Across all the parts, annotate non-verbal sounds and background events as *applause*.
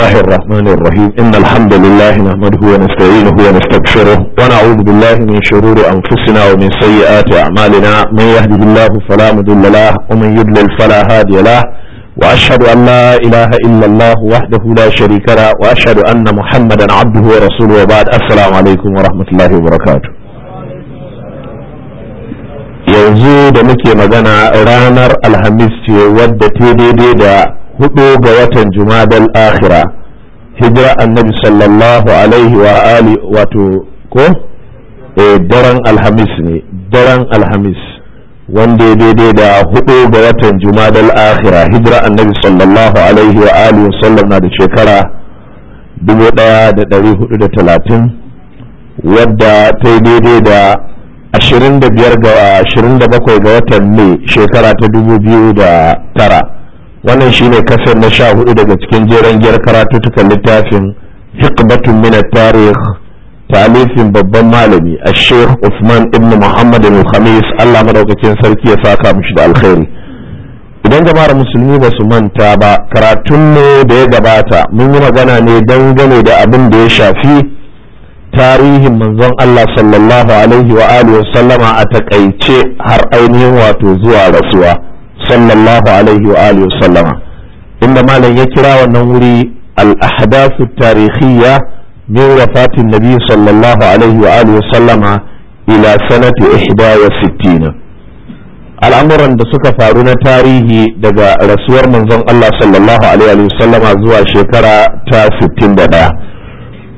الله الرحمن الرحيم إن الحمد لله نحمده ونستعينه ونستغفره ونعوذ بالله من شرور أنفسنا ومن سيئات أعمالنا من يهده الله فلا مضل له ومن يضلل فلا هادي له وأشهد أن لا إله إلا الله وحده لا شريك له وأشهد أن محمدا عبده ورسوله وبعد السلام عليكم ورحمة الله وبركاته yanzu da muke magana ranar alhamis ce wadda ta daidai da hudu ga watan jumadal akhira hijira annabi sallallahu alaihi wa ali wato ko e daren alhamis ne daren alhamis wanda ya daidai da hudu ga watan jumadal akhira hijira annabi sallallahu alaihi wa ali sallam na da shekara 1430 wadda ta yi daidai da 25 ga 27 ga watan mai shekara ta 2009 wannan shine kasar na sha hudu daga cikin jeren giyar karatuttukan littafin hikbatun min tarih talifin babban malami a sheikh usman ibn muhammad al-khamis allah madaukakin sarki ya saka mishi da alkhairi idan jama'ar musulmi ba su manta ba karatun ne da ya gabata mun yi magana ne dangane da abin da ya shafi tarihin manzon Allah sallallahu alaihi wa alihi a takaice har ainihin wato zuwa rasuwa sallallahu alaihi wa alihi sallama inda malam ya kira wannan wuri al-ahdathu tarikhiyya min wafatin nabi sallallahu alaihi wa alihi sallama ila sanati 61 al'amuran da suka faru na tarihi daga rasuwar manzon Allah sallallahu alaihi wa sallama zuwa shekara ta 61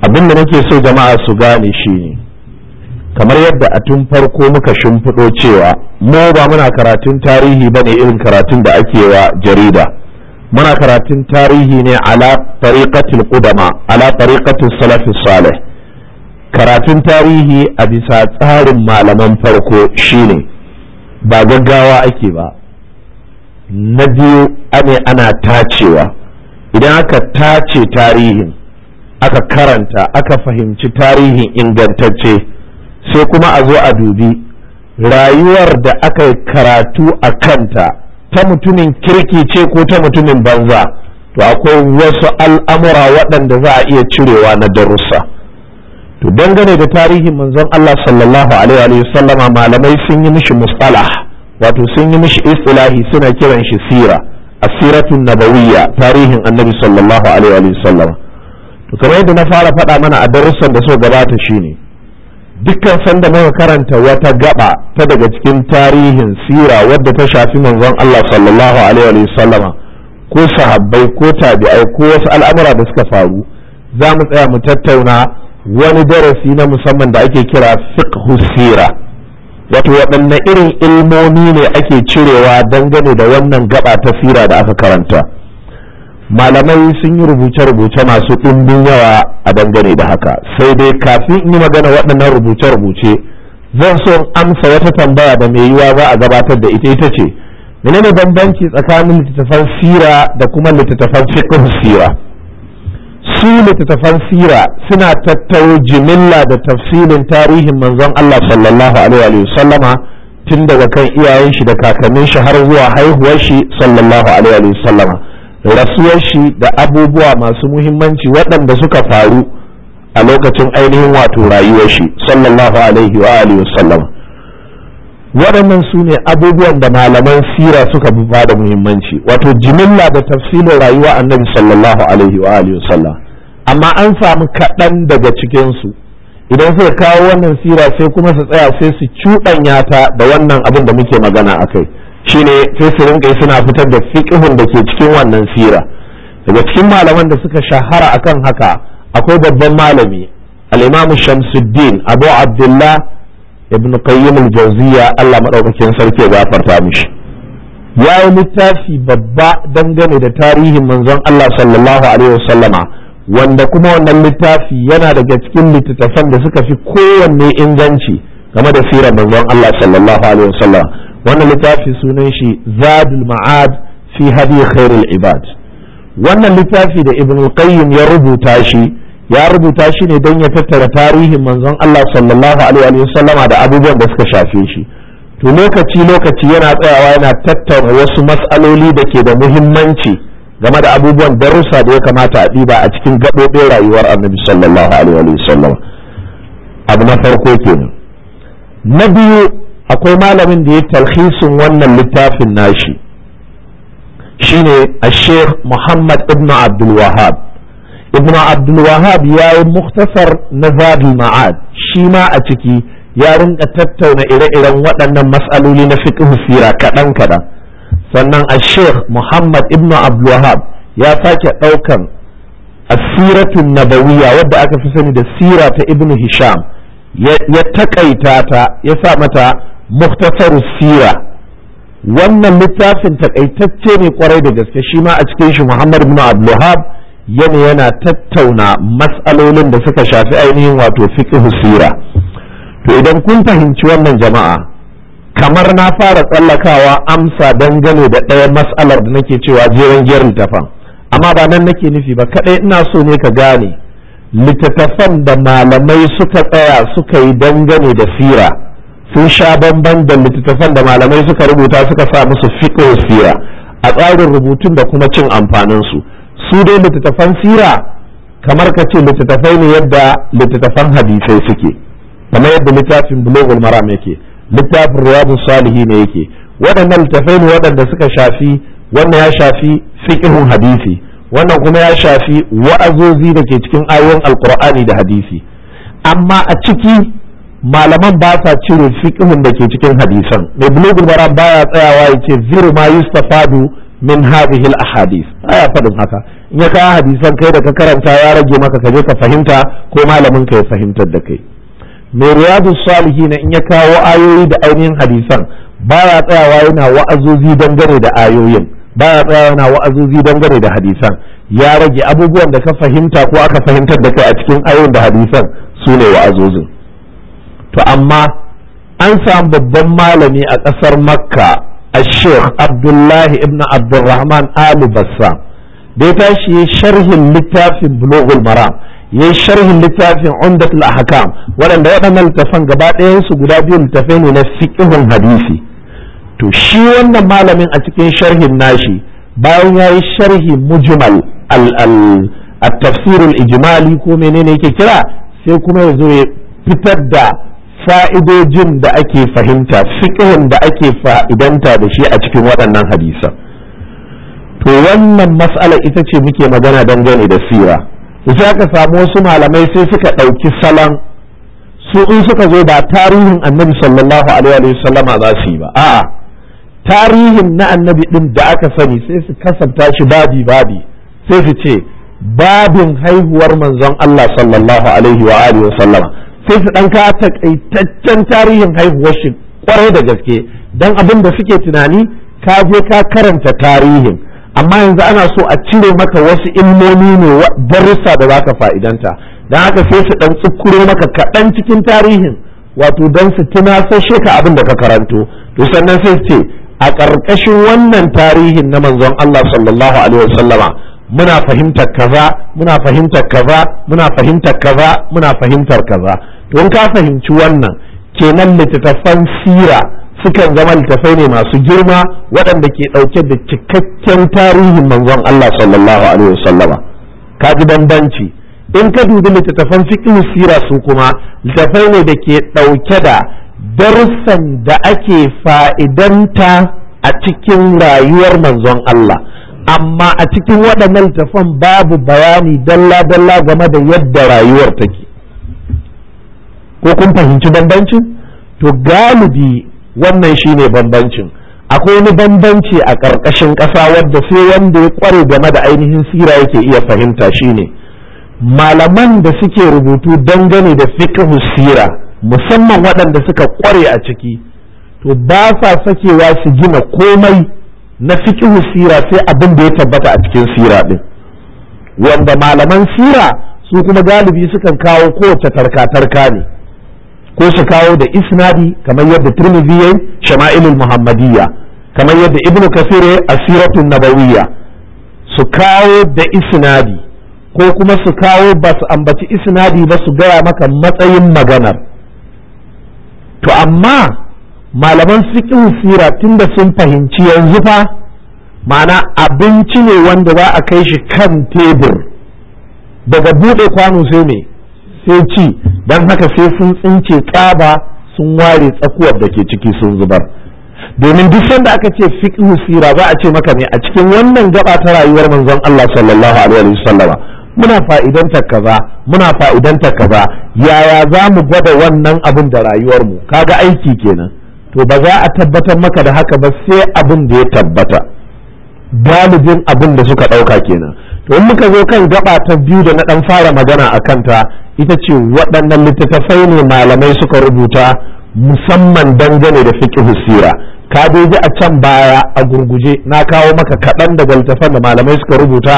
abin da nake so jama'a su gane shine kamar yadda a tun farko muka shimfiɗo cewa mu ba muna karatun tarihi ba ne irin karatun da ake wa jarida muna karatun tarihi ne ala tariqatil qudama ala tariqatil salafis salih karatun tarihi a bisa tsarin malaman farko shine ba gaggawa ake ba na biyu ane ana tacewa idan aka tace tarihin aka karanta aka fahimci tarihin ingantacce sai kuma a zo a dubi rayuwar da aka yi karatu a kanta ta mutumin kirki ce ko ta mutumin banza to akwai wasu al'amura waɗanda za a iya cirewa na darussa to dangane da tarihin manzon Allah sallallahu alaihi wa sallama malamai sun yi mishi mustalah wato sun yi mishi istilahi suna kiran shi sira asiratun nabawiyya tarihin annabi sallallahu alaihi wa sallama to kamar yadda na fara faɗa mana a darussan da so gabata shine dukkan sanda muka karanta wata gaba ta daga cikin tarihin sira wadda ta shafi manzon Allah sallallahu alaihi wa sallama ko sahabbai ko tabi'ai ko wasu al'amura da suka faru za mu tsaya mu tattauna wani darasi na musamman da ake kira fiqhu sira wato waɗanne irin ilmomi ne ake cirewa dangane da wannan gaba ta sira da aka karanta malamai sun yi rubuce-rubuce masu ɗumbin yawa a dangane da haka sai dai kafin in yi magana waɗannan rubuce-rubuce zan so amsa wata tambaya da mai yiwa za a gabatar da ita ita ce menene bambanci tsakanin littattafan sira da kuma littattafan fiqh sira su littattafan sira suna tattaro jimilla da tafsirin tarihin manzon Allah sallallahu alaihi wa sallama tun daga kan iyayen shi da kakannin shi har zuwa haihuwar shi sallallahu alaihi wa sallama rasuwar shi da abubuwa masu muhimmanci waɗanda suka faru a lokacin ainihin wato rayuwar shi sallallahu alaihi wa alihi wasallam waɗannan su ne abubuwan da malaman sira suka ba da muhimmanci wato jimilla da tafsilin rayuwa annabi sallallahu alaihi wa alihi wasallam amma an samu kaɗan daga cikin su idan suka kawo wannan sira sai kuma su tsaya sai su cuɗanya ta da wannan abin da muke magana a kai shine sai su rinka suna fitar da fiqhun da ke cikin wannan sira daga cikin malaman da suka shahara akan haka akwai babban malami al-Imam Shamsuddin Abu Abdullah ibn Qayyim al-Jawziyya Allah madaukakin sarki ya gafarta mishi ya yi littafi babba dangane da tarihin manzon Allah sallallahu alaihi wasallama wanda kuma wannan littafi yana daga cikin littattafan da suka fi kowanne inganci game da sirar manzon Allah sallallahu alaihi wasallama wannan littafi sunan shi zadul ma'ad fi hadi khairul ibad wannan littafi da ibn qayyim ya rubuta shi ya rubuta shi ne don ya tattara tarihin manzon Allah sallallahu alaihi wa sallama da abubuwan da suka shafe shi to lokaci lokaci yana tsayawa yana tattauna wasu matsaloli da ke da muhimmanci game da abubuwan darussa da ya kamata a ɗiba a cikin gaɓoɓin rayuwar annabi sallallahu alaihi wa sallama abu na farko kenan na biyu akwai malamin da ya talhisin wannan littafin nashi shine ashir muhammad ibn Abdulwahab. ibn Abdulwahab ya yi muktasar na zadul ma'ad shi ma a ciki ya rinka tattauna ire-iren waɗannan matsaloli na fiqh sira kaɗan kaɗan sannan ashir muhammad ibn Abdulwahab ya sake ɗaukan asiratun nabawiya wadda aka fi sani da sira ta ibn hisham ya takaita ta ya sa mata muktasar sira wannan littafin takaitacce ne kwarai da gaske shi ma a cikin shi Muhammad bin Abdulhab yana yana tattauna matsalolin da suka shafi ainihin wato fiqh sira to idan kun fahimci wannan jama'a kamar na fara tsallakawa amsa dangane da ɗaya matsalar da nake cewa jiran gerin tafan amma ba nan nake nufi ba kaɗai ina so ne ka gane littattafan da malamai suka tsaya suka yi dangane da sira sun sha bamban da littattafan da malamai suka rubuta suka sa musu fiƙo sira a tsarin rubutun da kuma cin amfaninsu su dai littattafan sira kamar ka ce littattafai ne yadda littattafan hadisai suke kamar yadda littafin bulogul maram yake littafin riyadu salihi ne yake waɗannan littattafai ne waɗanda suka shafi wannan ya shafi fiƙihun hadisi wannan kuma ya shafi wa'azozi da ke cikin ayoyin alkur'ani da hadisi amma a ciki malaman ba sa cire fiqhun da ke cikin hadisan mai bulugul maram baya tsayawa ya ce ziru ma yustafadu min hadhihi al ahadith aya fadin haka in ya kawo hadisan kai da ka karanta ya rage maka ka je ka fahimta ko malamin ka ya fahimtar da kai mai riyadu salihin in ya kawo ayoyi da ainihin hadisan baya tsayawa yana wa'azozi dangane da ayoyin baya tsaya yana wa'azuzi dangane da hadisan ya rage abubuwan da ka fahimta ko aka fahimtar da kai a cikin ayoyin da hadisan su ne wa'azozin to amma an samu babban malami a ƙasar makka a sheikh abdullahi ibn abdulrahman ali bassam da ya tashi sharhin littafin bulogul maram ya sharhin littafin umdatul ahkam waɗanda waɗannan littafan gaba ɗayansu guda biyu littafai ne na fiqhun hadisi to shi wannan malamin a cikin sharhin nashi bayan ya yi sharhi mujmal al-tafsir al-ijmali ko menene yake kira sai kuma ya zo ya fitar da fa'idojin da ake fahimta fiqhin da ake fa'idanta da shi a cikin waɗannan hadisan to wannan mas'ala ita ce muke magana dangane da sira sai aka samu wasu malamai sai suka ɗauki salon su in suka zo ba tarihin annabi sallallahu alaihi wa sallama za su yi ba a'a tarihin na annabi ɗin da aka sani sai su kasanta shi babi babi sai su ce babin haihuwar manzon Allah sallallahu alaihi wa alihi sallama sai su ɗan ka takaitaccen tarihin haihuwar shi kwarai da gaske dan abin da suke tunani ka je ka karanta tarihin amma yanzu ana so a cire maka wasu ilmomi ne darussa da zaka fa'idanta dan haka sai su ɗan tsukuro maka kaɗan cikin tarihin wato don su tunasashe ka abin da ka karanto to sannan sai su ce a ƙarƙashin wannan tarihin na manzon Allah sallallahu alaihi wasallama muna fahimtar kaza muna fahimtar kaza muna fahimtar kaza muna fahimtar kaza to in ka fahimci wannan kenan littattafan sira sukan zama littattafai ne masu girma waɗanda ke ɗauke da cikakken tarihin manzon Allah sallallahu alaihi wasallama ka ji bambanci in ka dubi littattafan fiqh sira su kuma littattafai ne da ke ɗauke da darussan da ake fa'idanta a cikin rayuwar manzon Allah amma a cikin waɗannan tafan babu bayani dalla-dalla game da yadda rayuwar take ko kun fahimci bambancin to galibi wannan shine bambancin akwai wani bambanci a ƙarƙashin ƙasa wadda sai wanda ya ƙware game da ainihin sira yake iya fahimta shine malaman da suke rubutu dangane da fiqhu sira musamman waɗanda suka ƙware a ciki to ba sa sakewa su gina komai na fiƙihu sira sai abin da ya tabbata a cikin sira ɗin wanda malaman sira su kuma galibi sukan kawo kowace tarka-tarka ne ko su kawo da isnadi kamar yadda turmizi yayi shama'ilul muhammadiyya kamar yadda ibnu kasir a siratun nabawiyya su kawo da isnadi ko kuma su kawo ba su ambaci isnadi ba su gaya maka matsayin maganar to amma malaman sikin sira tun da sun fahimci yanzu fa ma'ana abinci ne wanda za a kai shi kan tebur daga buɗe kwano sai me sai ci don haka sai sun tsince tsaba sun ware tsakuwar da ke ciki sun zubar domin duk sanda aka ce fiqh sira za a ce maka ne a cikin wannan gaba ta rayuwar manzon Allah sallallahu alaihi wasallama muna fa'idanta kaza muna fa'idanta kaza yaya za mu gwada wannan abin da rayuwarmu kaga aiki kenan to ba za a tabbatar maka da haka ba sai abin da ya tabbata galibin abin da suka ɗauka kenan to in muka zo kan gaba ta biyu da na ɗan fara magana a kanta ita ce waɗannan littattafai ne malamai suka rubuta musamman dangane da fiqh sira ka dai a can baya a gurguje na kawo maka kaɗan daga littattafan da malamai suka rubuta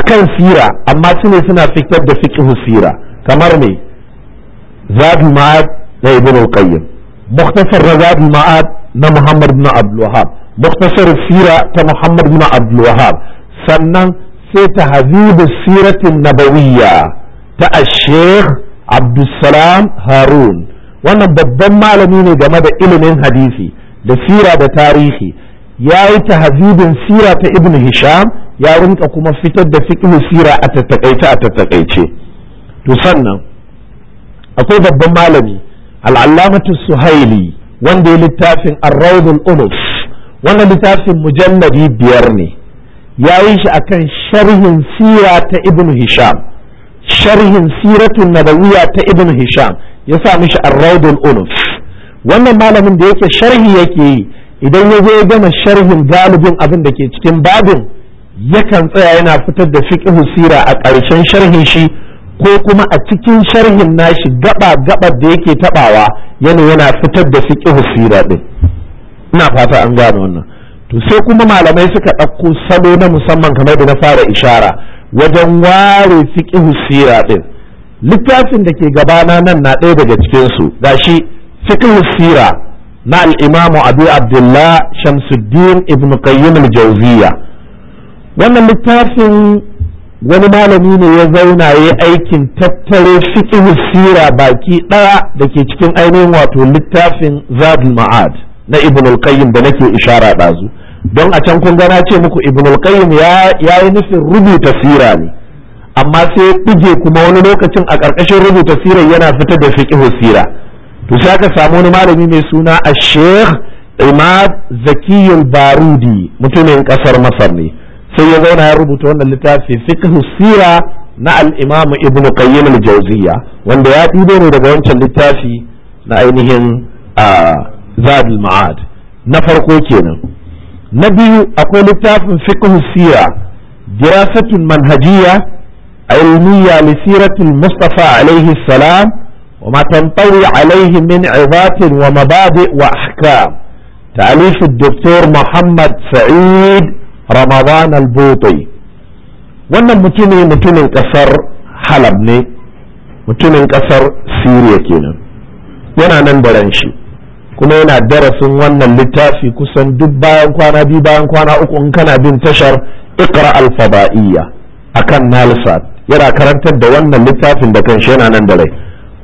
akan sira amma su ne suna fitar da fiqhu sira kamar me zabi ma'ad na ibn al-qayyim mukhtasar zabi ma'ad na muhammad ibn abdul wahhab mukhtasar sira ta muhammad ibn abdul wahhab sannan sai tahzibu siratin nabawiyya ta ash-shaykh abdussalam harun wannan babban malami ne game da ilimin hadisi da sira da tarihi ya yi sira ta ibn hisham ya rinka kuma fitar da fiqhu sira a tattakaice a tattakaice to sannan akwai babban malami al'allamatu suhaili wanda ya littafin arraudul ulus wanda littafin mujalladi biyar ne ya yi shi akan sharhin sira ta ibn hisham sharhin siratun nabawiyya ta ibn hisham ya sa mishi arraudul ulus wannan malamin da yake sharhi yake yi idan ya zo ya gama sharhin galibin abin da ke cikin babin yakan tsaya yana fitar da fiqhu sira a ƙarshen sharhin shi ko kuma a cikin sharhin nashi gaba gaba da yake tabawa yana yana fitar da fiqhu sira din ina fata an gane wannan to sai kuma malamai suka ɗauko salo na musamman kamar da na fara ishara wajen ware fiqhu sira din littafin da ke gabana nan na ɗaya daga cikin su gashi fiqhu sira na al-imamu Abu Abdullah Shamsuddin Ibn Qayyim al jawziyah wannan littafin wani malami ne ya zauna ya aikin tattaro fiqh sira baki ɗaya da ke cikin ainihin wato littafin zabin ma'ad na ibn al da nake ishara ɗazu don a can kun na ce muku ibn al ya yi nufin rubuta sira ne amma sai ya kuma wani lokacin a ƙarƙashin rubuta sira yana fitar da fikihu sira to sai aka samu wani malami mai suna a sheikh imad zakiyul barudi mutumin ƙasar masar ne sai ya zauna ya rubuta wannan littafi fiqhu sira na al-imam ibn qayyim al-jawziyya wanda ya ɗibo ne daga wancan littafi na ainihin zad al-ma'ad na farko kenan na biyu akwai littafin fiqhu sira dirasatun manhajiyya ilmiyya li siratil mustafa alaihi salam وما تنطوي عليه من عظات ومبادئ وأحكام تأليف الدكتور محمد سعيد ramadan al wannan mutumin mutumin kasar halab ne mutumin kasar siriya kenan yana nan da shi kuma yana darasin wannan littafi kusan duk bayan kwana biyu bayan kwana uku in kana bin tashar iqra alfaba'iyya a kan nalsat yana karantar da wannan littafin da kanshi yana nan da rai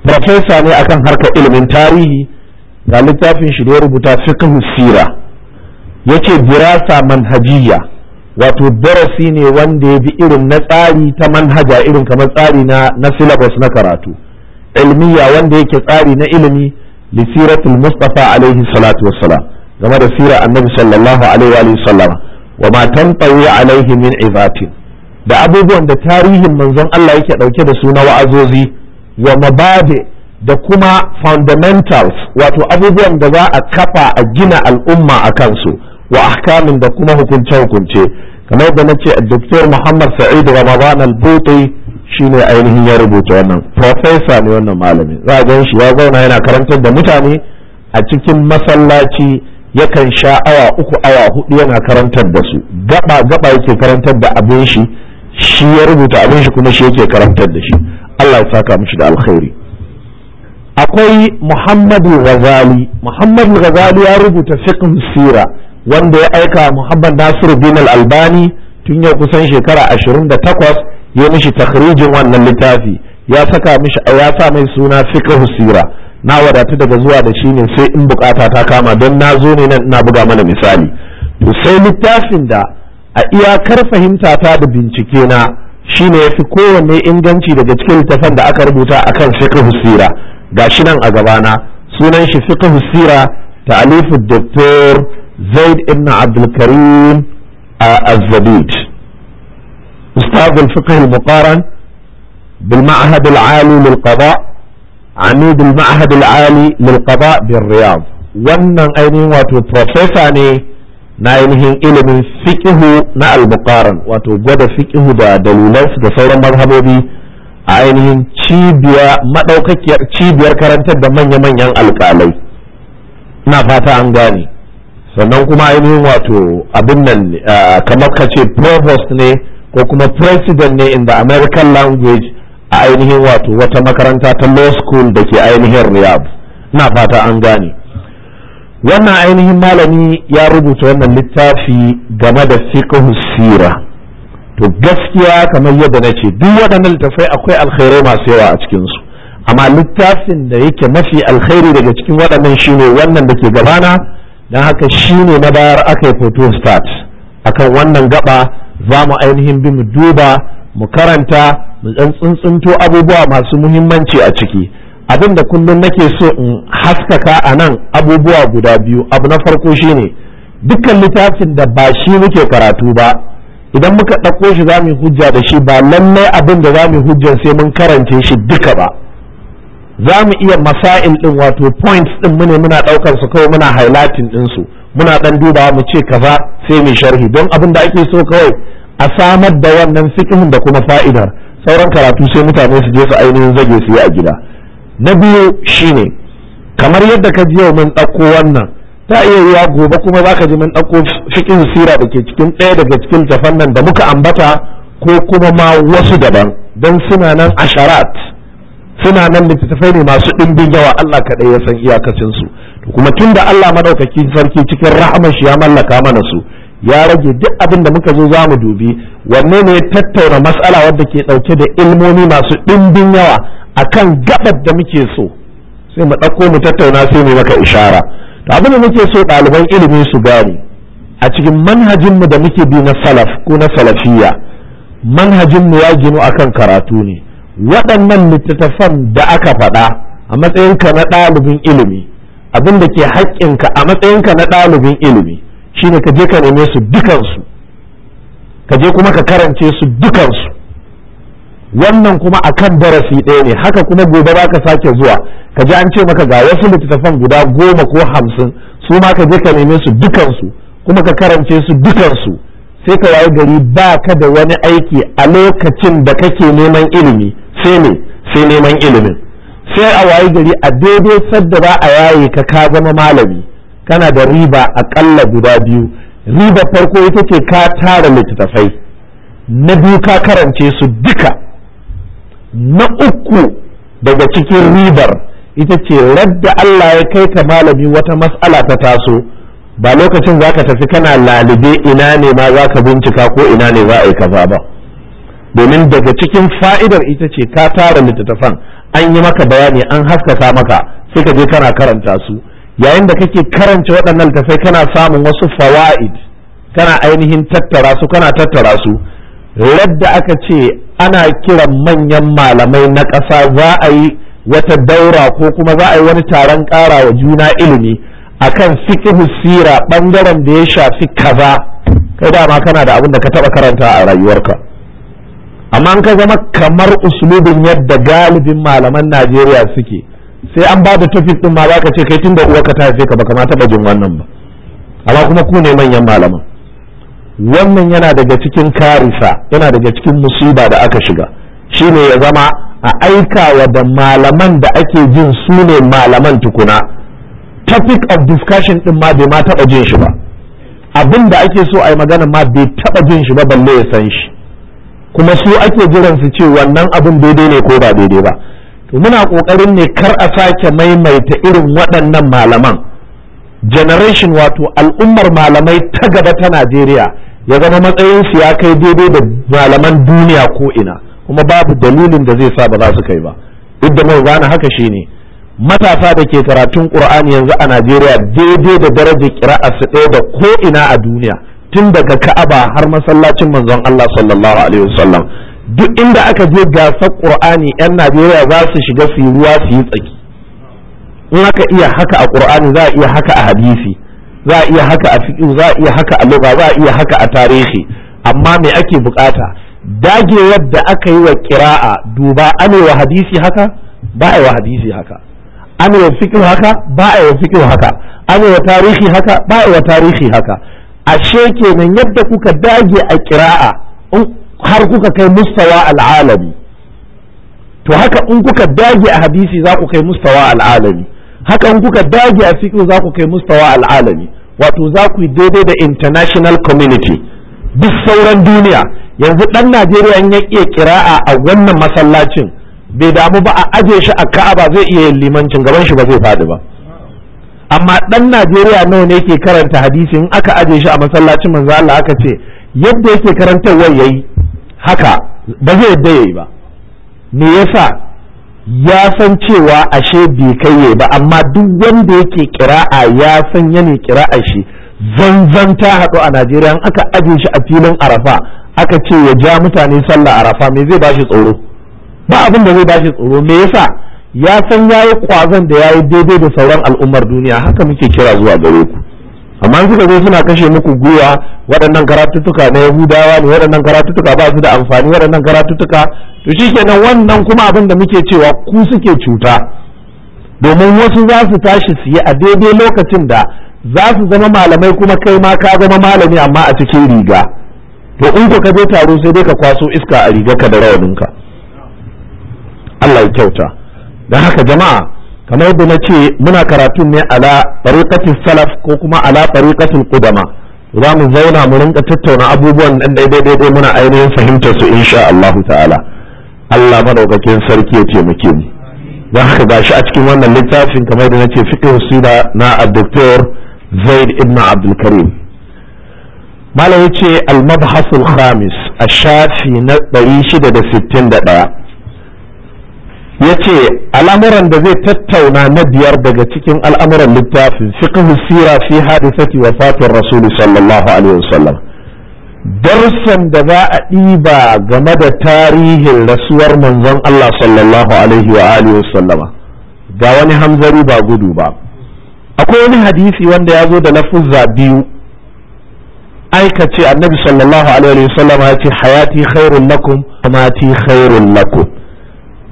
profesa ne akan harkar ilimin tarihi ga littafin shi da ya rubuta fiqh sira yace dirasa manhajiyya wato darasi ne wanda ya bi irin na tsari ta manhaja irin kamar tsari na na syllabus na karatu ilmiya wanda yake tsari na ilimi li siratul mustafa alaihi salatu wassalam game da sirar annabi sallallahu alaihi wa sallam wa ma tantawi alaihi min ibatin da abubuwan da tarihin manzon Allah yake dauke da su na wa'azozi wa mabade da kuma fundamentals wato abubuwan da za a kafa a gina al'umma a kansu wa ahkamin da kuma hukunce-hukunce kamar da na ce Dr. Muhammad Sa'id Ramadan al-Buti shine ainihin ya rubuta wannan professor ne wannan malami za a shi ya zauna yana karantar da mutane a cikin masallaci yakan sha awa uku awa hudu yana karantar da su gaba gaba yake karantar da abin shi shi ya rubuta abin shi kuma shi yake karantar da shi Allah ya saka mishi da alkhairi akwai Muhammadu Ghazali Muhammadu Ghazali ya rubuta fiqh sira wanda ya aika Muhammad Nasiru bin al-Albani tun yau kusan shekara 28 ya mishi takhrijin wannan littafi ya saka mishi ya sa mai suna fiqh sira na wadatu daga zuwa da shi ne sai in bukata ta kama don na zo ne nan ina buga mana misali to sai littafin da a iyakar fahimta ta da bincike na shine yafi kowanne inganci daga cikin littafan da aka rubuta akan fiqh sira gashi nan a gabana sunan shi fiqh sira ta'alifu doktor zaid ibn abdulkarim الزبيد أستاذ الفقه المقارن بالمعهد العالي للقضاء عميد المعهد العالي للقضاء بالرياض wannan ainihin wato profesa ne na ainihin ilimin fikihu na albukaran wato gwada fikihu da dalilansu da sauran mazhabobi a ainihin cibiya cibiyar karantar da manya-manyan alƙalai na fata an gane sannan kuma ainihin wato abin nan kamar ka ce provost ne ko kuma president ne in the american language a ainihin wato wata makaranta ta law school da ke ainihin riyadh na fata an gane wannan ainihin malami ya rubuta wannan littafi game da fiqh sira to gaskiya kamar yadda na ce duk waɗannan littafai akwai alkhairai masu yawa a cikinsu amma littafin da yake mafi alkhairi daga cikin waɗannan shine wannan da ke gabana don haka shi ne na bayar aka yi photostat akan wannan gaba za mu ainihin bi mu duba mu karanta mu tsuntsunto abubuwa masu muhimmanci a ciki abin da kullum nake so in haskaka a nan abubuwa guda biyu abu na farko shine dukkan littafin da ba shi muke karatu ba idan muka ɗauko shi za mu hujja da shi ba lallai abin da za mu hujja sai mun karance shi duka ba za mu iya masa'il ɗin wato points ɗin mu ne muna ɗaukar su kawai muna highlighting su muna ɗan dubawa mu ce kaza sai mu sharhi don abin da ake so kawai a samar da wannan fikihin da kuma fa'idar sauran karatu sai mutane su je su ainihin zage su yi a gida na biyu shine kamar yadda ka ji yau mun ɗauko wannan ta iya yiwa gobe kuma zaka ka ji mun ɗauko fikin sira da ke cikin ɗaya daga cikin tafannan da muka ambata ko kuma ma wasu daban don suna nan asharat suna nan littattafai ne masu ɗimbin yawa Allah kaɗai ya san iyakacinsu kuma tun da Allah madaukakin sarki cikin rahamar shi ya mallaka mana su ya rage duk abin da muka zo za mu dubi wanne ne ya tattauna matsala wadda ke ɗauke da ilmomi masu ɗimbin yawa akan gabar da muke so sai mu ɗauko mu tattauna sai mu maka ishara to abin da muke so ɗaliban ilimi su gane a cikin manhajinmu da muke bi na salaf ko na salafiyya manhajinmu ya ginu akan karatu ne waɗannan littattafan da aka faɗa a matsayinka na ɗalibin ilimi abin da ke haƙƙinka a matsayinka na ɗalibin ilimi shine ka je ka neme su dukansu ka je kuma ka karance su dukansu wannan kuma a kan darasi ɗaya ne haka kuma gobe ba ka sake zuwa ka ji an ce maka ga wasu littattafan guda goma ko hamsin su ma ka je ka neme su dukansu kuma ka karance su dukansu sai ka wayi gari ba ka da wani aiki a lokacin da kake neman ilimi sai ne sai neman ilimin sai a wayi gari a daidai sadda ba a yaye ka ka zama malami kana da riba aƙalla guda biyu riba farko ita ce ka tara littattafai na biyu ka karance su duka na uku daga cikin ribar ita ce radda Allah ya kai ka malami wata mas'ala ta taso ba lokacin za ka tafi kana lalube ina ne ma za ka bincika ko ina ne za a yi kaza ba domin daga cikin fa'idar ita ce ka tara littattafan an yi maka bayani an haskaka maka sai ka je kana karanta su yayin da kake karanta waɗannan littattafai kana samun wasu fawaid kana ainihin tattara su kana tattara su radda aka ce ana kiran manyan malamai na ƙasa za a yi wata daura ko kuma za a yi wani taron ƙara wa juna ilimi akan fiqhu sira ɓangaren da ya shafi kaza kai dama kana da abin da ka taɓa karanta a rayuwarka amma an ka zama kamar uslubin yadda galibin malaman najeriya suke sai an ba da tafi din ma ka ce kai tun da uwarka ta haife ka baka ma taba jin wannan ba amma kuma ku ne manyan malaman wannan yana daga cikin karisa yana daga cikin musiba da aka shiga shine ya zama a aikawa da malaman da ake jin su ne malaman tukuna topic of discussion din ma bai ma taba jin shi ba abin da ake so a yi magana ma bai taba jin shi ba balle ya san shi kuma su ake jiran su ce wannan abin daidai ne ko ba daidai ba to muna kokarin ne kar a sake maimaita irin waɗannan malaman generation wato al'ummar malamai ta gaba ta Najeriya ya zama matsayin su ya kai daidai da malaman duniya ko ina kuma babu dalilin da zai sa ba za su kai ba duk da mai gane haka shine matasa da ke karatun Qur'ani yanzu a Najeriya daidai da darajar kira'a su da ko ina a duniya tun daga ka'aba har masallacin manzon Allah sallallahu alaihi wasallam duk inda aka je gasar qur'ani yan Najeriya za su shiga su yi ruwa su yi tsaki in aka iya haka a qur'ani za a iya haka a hadisi za a iya haka a fiqh za a iya haka a lugha za a iya haka a tarihi amma me ake bukata dage yadda aka yi wa kira'a duba ane wa hadisi haka ba a yi wa hadisi haka ane wa fiqh haka ba a yi wa fiqh haka ane wa tarihi haka ba a yi wa tarihi haka ashe kenan yadda kuka dage a kira'a har kuka kai mustawa al'alami to haka in kuka dage a hadisi za ku kai mustawa al'alami haka in kuka dage a fiqh za ku kai mustawa al'alami wato za ku yi daidai da international community duk sauran duniya yanzu dan Najeriya in ya iya kira'a a wannan masallacin bai damu ba a aje shi a ka'a ba zai iya yin limancin gaban shi ba zai faɗi ba amma ɗan Najeriya nawa ne ke karanta hadisi in aka aje shi a masallacin manzo Allah aka ce yadda yake karantarwar yayi haka ba zai yadda yayi ba me yasa ya san cewa ashe bai kai ba amma duk wanda yake kira'a ya san yana kira'a shi zanzan ta haɗu a Najeriya in aka aje shi a filin Arafa aka ce ya ja mutane sallah Arafa me zai bashi tsoro ba abin da zai bashi tsoro me yasa ya san ya yi kwazon da ya yi daidai da sauran al'ummar duniya haka muke kira zuwa gare ku amma suka zo suna kashe muku gwiwa waɗannan karatuttuka na yahudawa ne waɗannan karatuttuka ba su da amfani waɗannan karatuttuka to shi kenan wannan kuma abin da muke cewa ku suke cuta domin wasu za su tashi su yi a daidai lokacin da za su zama malamai kuma kai ma ka zama malami amma a cikin riga to in ka je taro sai dai ka kwaso iska a riga ka da rawaninka Allah ya kyauta da haka jama'a kamar da na ce muna karatun ne ala tariqatul salaf ko kuma ala tariqatul qudama za mu zauna mu rinka tattauna abubuwan nan daidai dai muna ainihin fahimtar su insha Allah ta'ala Allah madaukakin sarki ya taimake mu don haka gashi a cikin wannan littafin kamar da na ce fiqh sira na al Zaid ibn Abdul Karim malam yace al-mabhasul khamis a shafi na 661 ya ce al'amuran da zai tattauna na biyar daga cikin al'amuran littafin fiqhu sira fi hadisati wafatin rasulu sallallahu alaihi wasallam darsan da za a ɗiba game da tarihin rasuwar manzon Allah sallallahu alaihi wa alihi wasallama ga wani hamzari ba gudu ba akwai wani hadisi wanda ya zo da lafuzza biyu aikace annabi sallallahu alaihi wasallama ya ce hayati khairun lakum mati khairun lakum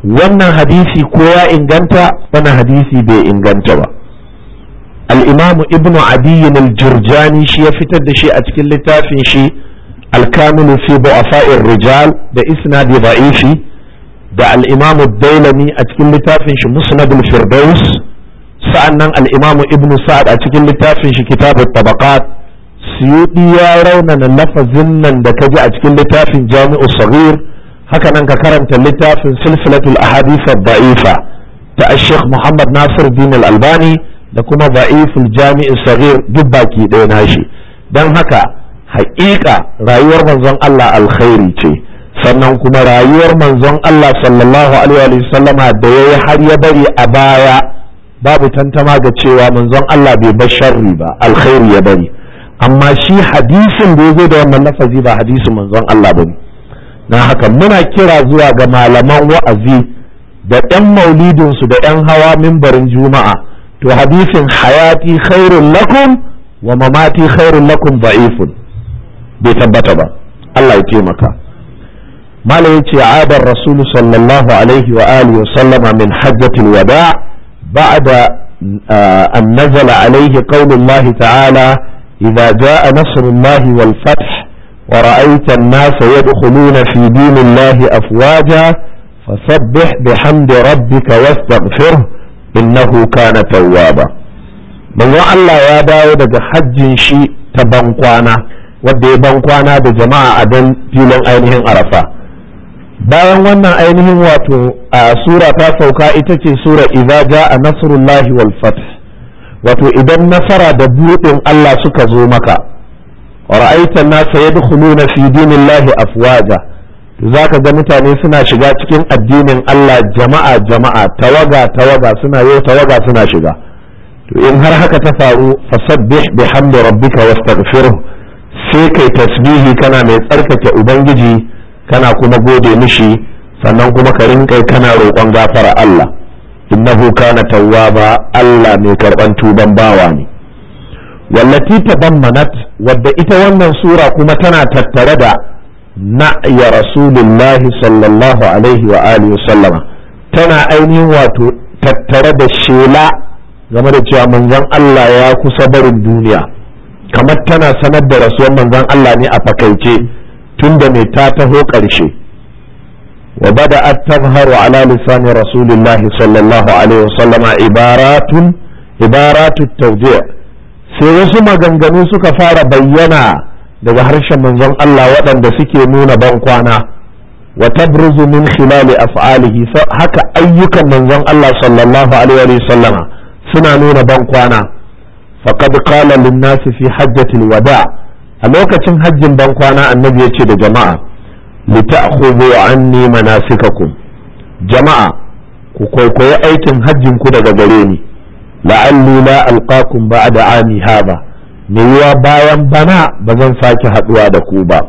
wannan hadisi ko ya inganta wannan hadisi bai inganta ba al'imamu ibn adiyin al-jurjani shi ya fitar da shi a cikin littafin shi alkamilu fi bu'afa'ir rijal da isnadi Ba'ishi da al'imamu dailami a cikin littafin shi musnad firdaus sa'annan al'imamu Ibnu sa'ad a cikin littafin shi kitabut tabaqat suyudi ya raunana lafazin nan da ka ji a cikin littafin jami'u Sabir. hakanan ka karanta littafin silsilatul ahadith ad-da'ifa ta ash Muhammad Nasir Din al-Albani da kuma da'iful jami'i saghir duk baki ɗaya nashi dan haka haƙiƙa rayuwar manzon Allah alkhairi ce sannan kuma rayuwar manzon Allah sallallahu alaihi wa sallama da yayi har ya bari a baya babu tantama ga cewa manzon Allah bai bar sharri ba alkhairi ya bari amma shi hadisin da ya da wannan lafazi ba hadisin manzon Allah bane na haka muna kira zuwa ga malaman wa'azi da 'yan maulidinsu da 'yan hawa mimbarin juma'a to hadisin hayati khairun lakum wa mamati khairun lakum da'ifun bai tabbata ba Allah ya taimaka malam yace adar rasul sallallahu alaihi wa alihi wa sallama min hajjatil wada ba'da an nazala alaihi qaulullah ta'ala idza jaa nasrullahi wal fath ورأيت الناس يدخلون في دين الله أفواجا فسبح بحمد ربك واستغفره إنه كان توابا من الله يا داود حج شيء تبنقوانا wadda ya ban kwana da jama'a a dan filin ainihin arafa bayan wannan ainihin wato a sura ta sauka ita ce sura idza jaa nasrullahi wal fath wato idan nasara da buɗin Allah suka zo maka ra'aita nasa yadkhuluna fi dinillahi afwaja zaka ga mutane suna shiga cikin addinin Allah jama'a jama'a tawaga tawaga suna yau tawaga suna shiga to in har haka ta faru fasabbih bihamdi rabbika wastaghfirhu sai kai tasbihi kana mai tsarkake ubangiji kana kuma gode mishi sannan kuma ka rinka kana roƙon gafara Allah innahu kana tawwaba Allah mai karban tuban bawa ne wallati tadammanat wadda ita wannan sura kuma tana tattare da na'ya rasulullahi sallallahu alaihi wa alihi sallama tana ainihin wato tattare da shela game da cewa manzon Allah ya kusa barin duniya kamar tana sanar da rasuwar manzon Allah ne a fakaice tunda mai ta taho ƙarshe wa bada'at tazharu ala lisani rasulillahi sallallahu alaihi wa sallama ibaratun ibaratu tawdi' sai wasu maganganu suka fara bayyana daga harshen manzon Allah waɗanda suke nuna ban kwana wa tabruzu min khilali af'alihi haka ayyukan manzon Allah sallallahu alaihi wa sallama suna nuna ban kwana faqad qala lin nas fi wada a lokacin hajjin ban kwana annabi yace da jama'a ta'khudhu anni manasikakum jama'a ku kwaikwayi aikin hajjin ku daga gare ni la'alli la alqakum ba'da ami ba me yiwa bayan bana ba zan sake haduwa da ku ba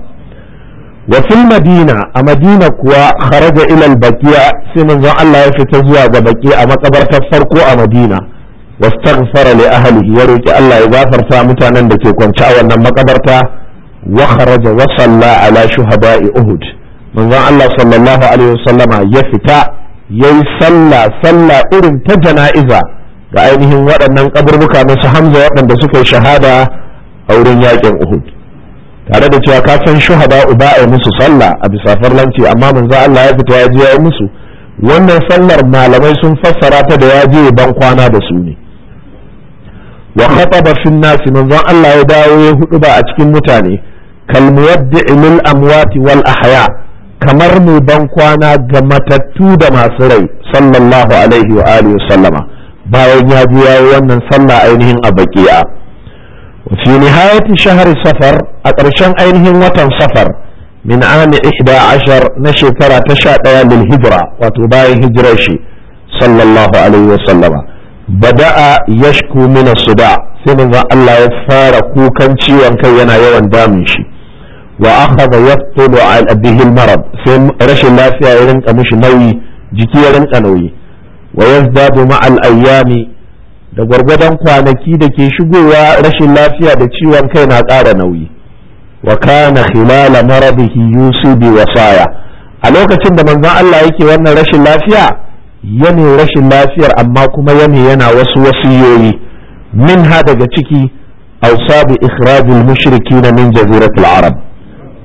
wa fil madina a madina kuwa kharaja ila al baqiya sai manzon Allah ya fita zuwa ga baki a makabartar farko a madina wastaghfara li ahlihi ya roki Allah ya gafarta mutanen da ke kwance a wannan makabarta wa kharaja wa salla ala shuhada'i uhud manzon Allah sallallahu alaihi wasallama ya fita yayi sallah sallah irin ta jana'iza da ainihin waɗannan ƙaburbuka na su hamza waɗanda suka yi shahada a wurin yakin uhud tare da cewa ka san shuhada uba a musu sallah a bisa farlanci amma manzo Allah ya fita ya je ya yi musu wannan sallar malamai sun fassara ta da ya je ban kwana da su ne wa khataba fi nasi manzon Allah ya dawo ya hudu ba a cikin mutane kal muwaddi'i lil amwati wal ahya kamar mu ban kwana ga matattu da masu rai sallallahu alaihi wa alihi sallama bayan ya je yayi wannan sallah ainihin a baƙi'a fi nihayati shahar safar a ƙarshen ainihin watan safar min ami ashar na shekara ta ɗaya lil hijira wato bayan hijirar shi sallallahu alaihi wa sallama bada'a yashku min suda sai manzo Allah ya fara kukan ciwon kai yana yawan damun shi wa akhadha yaftulu ala bihi al marad sai rashin lafiya ya rinka mishi nauyi jiki ya rinka nauyi wa yazdadu ma'al ayyami da gwargwadon kwanaki da ke shigowa rashin lafiya da ciwon kai na ƙara nauyi wa kana khilala maradihi yusibi wasaya a lokacin da manzon Allah yake wannan rashin lafiya yane rashin lafiyar amma kuma yane yana wasu wasiyoyi min ha daga ciki awsabi ikhrajul mushrikin min jaziratul arab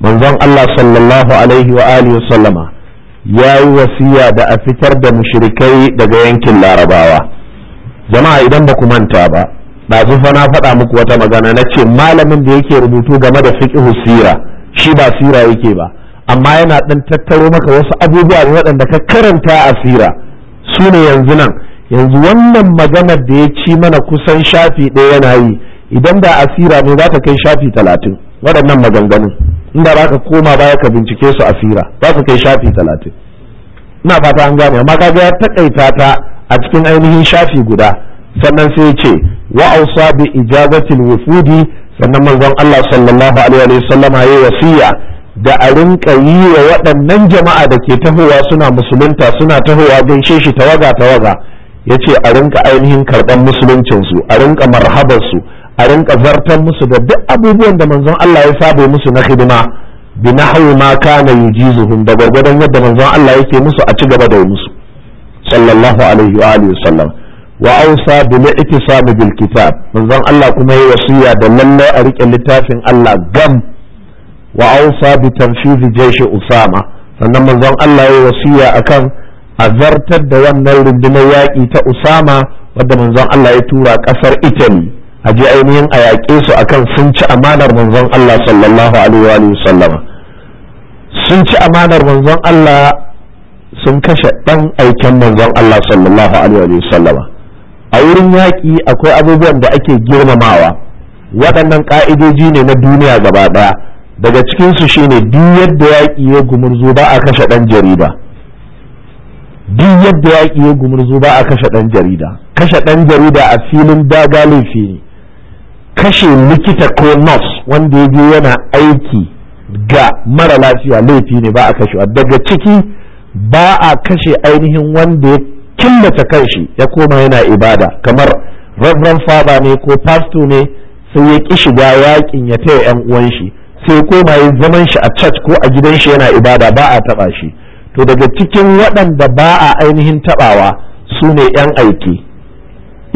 manzon Allah sallallahu alaihi wa alihi wa sallama ya yi wasiya da a fitar da mushirikai daga yankin larabawa jama'a idan ba ku manta ba ɗazu fa na faɗa muku wata magana na ce malamin da yake rubutu game da fiqhu sira shi ba sira yake ba amma yana ɗan tattaro maka wasu abubuwa ne waɗanda ka karanta a sira su ne yanzu nan yanzu wannan maganar da ya ci mana kusan shafi ɗaya yana yi idan da asira ne za ta kai shafi talatin waɗannan maganganu. inda za ka koma baya ka bincike su a fira za ka kai shafi talatin ina fata an gane amma kaga ya takaita ta a cikin ainihin shafi guda sannan sai ce wa ausa bi ijabatil wufudi sannan manzon Allah sallallahu alaihi wa sallam yayi wasiya da a rinka yi wa waɗannan jama'a da ke tahowa suna musulunta suna tahowa don shi tawaga tawaga yace a rinka ainihin karɓar musuluncinsu a rinka marhabarsu a rinka zartar musu da duk abubuwan da manzon Allah ya saba musu na hidima bi nahwi ma kana yujizuhum da gwargwadon yadda manzon Allah yake musu a ci gaba da musu sallallahu alaihi wa alihi wasallam wa ausa bil ittisam bil kitab manzon Allah kuma ya wasiya da lallai a rike littafin Allah gam wa ausa bi tanfiz jaysh usama sannan manzon Allah ya wasiya akan azartar da wannan rundunar yaƙi ta usama wadda manzon Allah ya tura ƙasar Italy a je ainihin a yaƙe su akan sun ci amanar manzon Allah sallallahu alaihi wa sallama sun ci amanar manzon Allah sun kashe ɗan aiken manzon Allah sallallahu alaihi wa sallama a wurin yaƙi akwai abubuwan da ake girmamawa waɗannan ƙa'idoji ne na duniya gaba ɗaya daga cikinsu shine duk yadda yaƙi ya gumurzu ba a kashe ɗan jarida duk yadda yaƙi ya gumurzu ba a kashe ɗan jarida kashe ɗan jarida a filin daga laifi ne kashe likita ko nurse wanda ya je yana aiki ga mara lafiya laifi ne ba a kashe daga ciki ba a kashe ainihin wanda ya killace kanshi ya koma yana ibada kamar reverend father ne ko pastor ne sai ya ki shiga yakin ya taya yan uwan shi sai koma ya zaman shi a church ko a gidan shi yana ibada ba a taba shi to daga cikin waɗanda ba a ainihin tabawa su ne yan aiki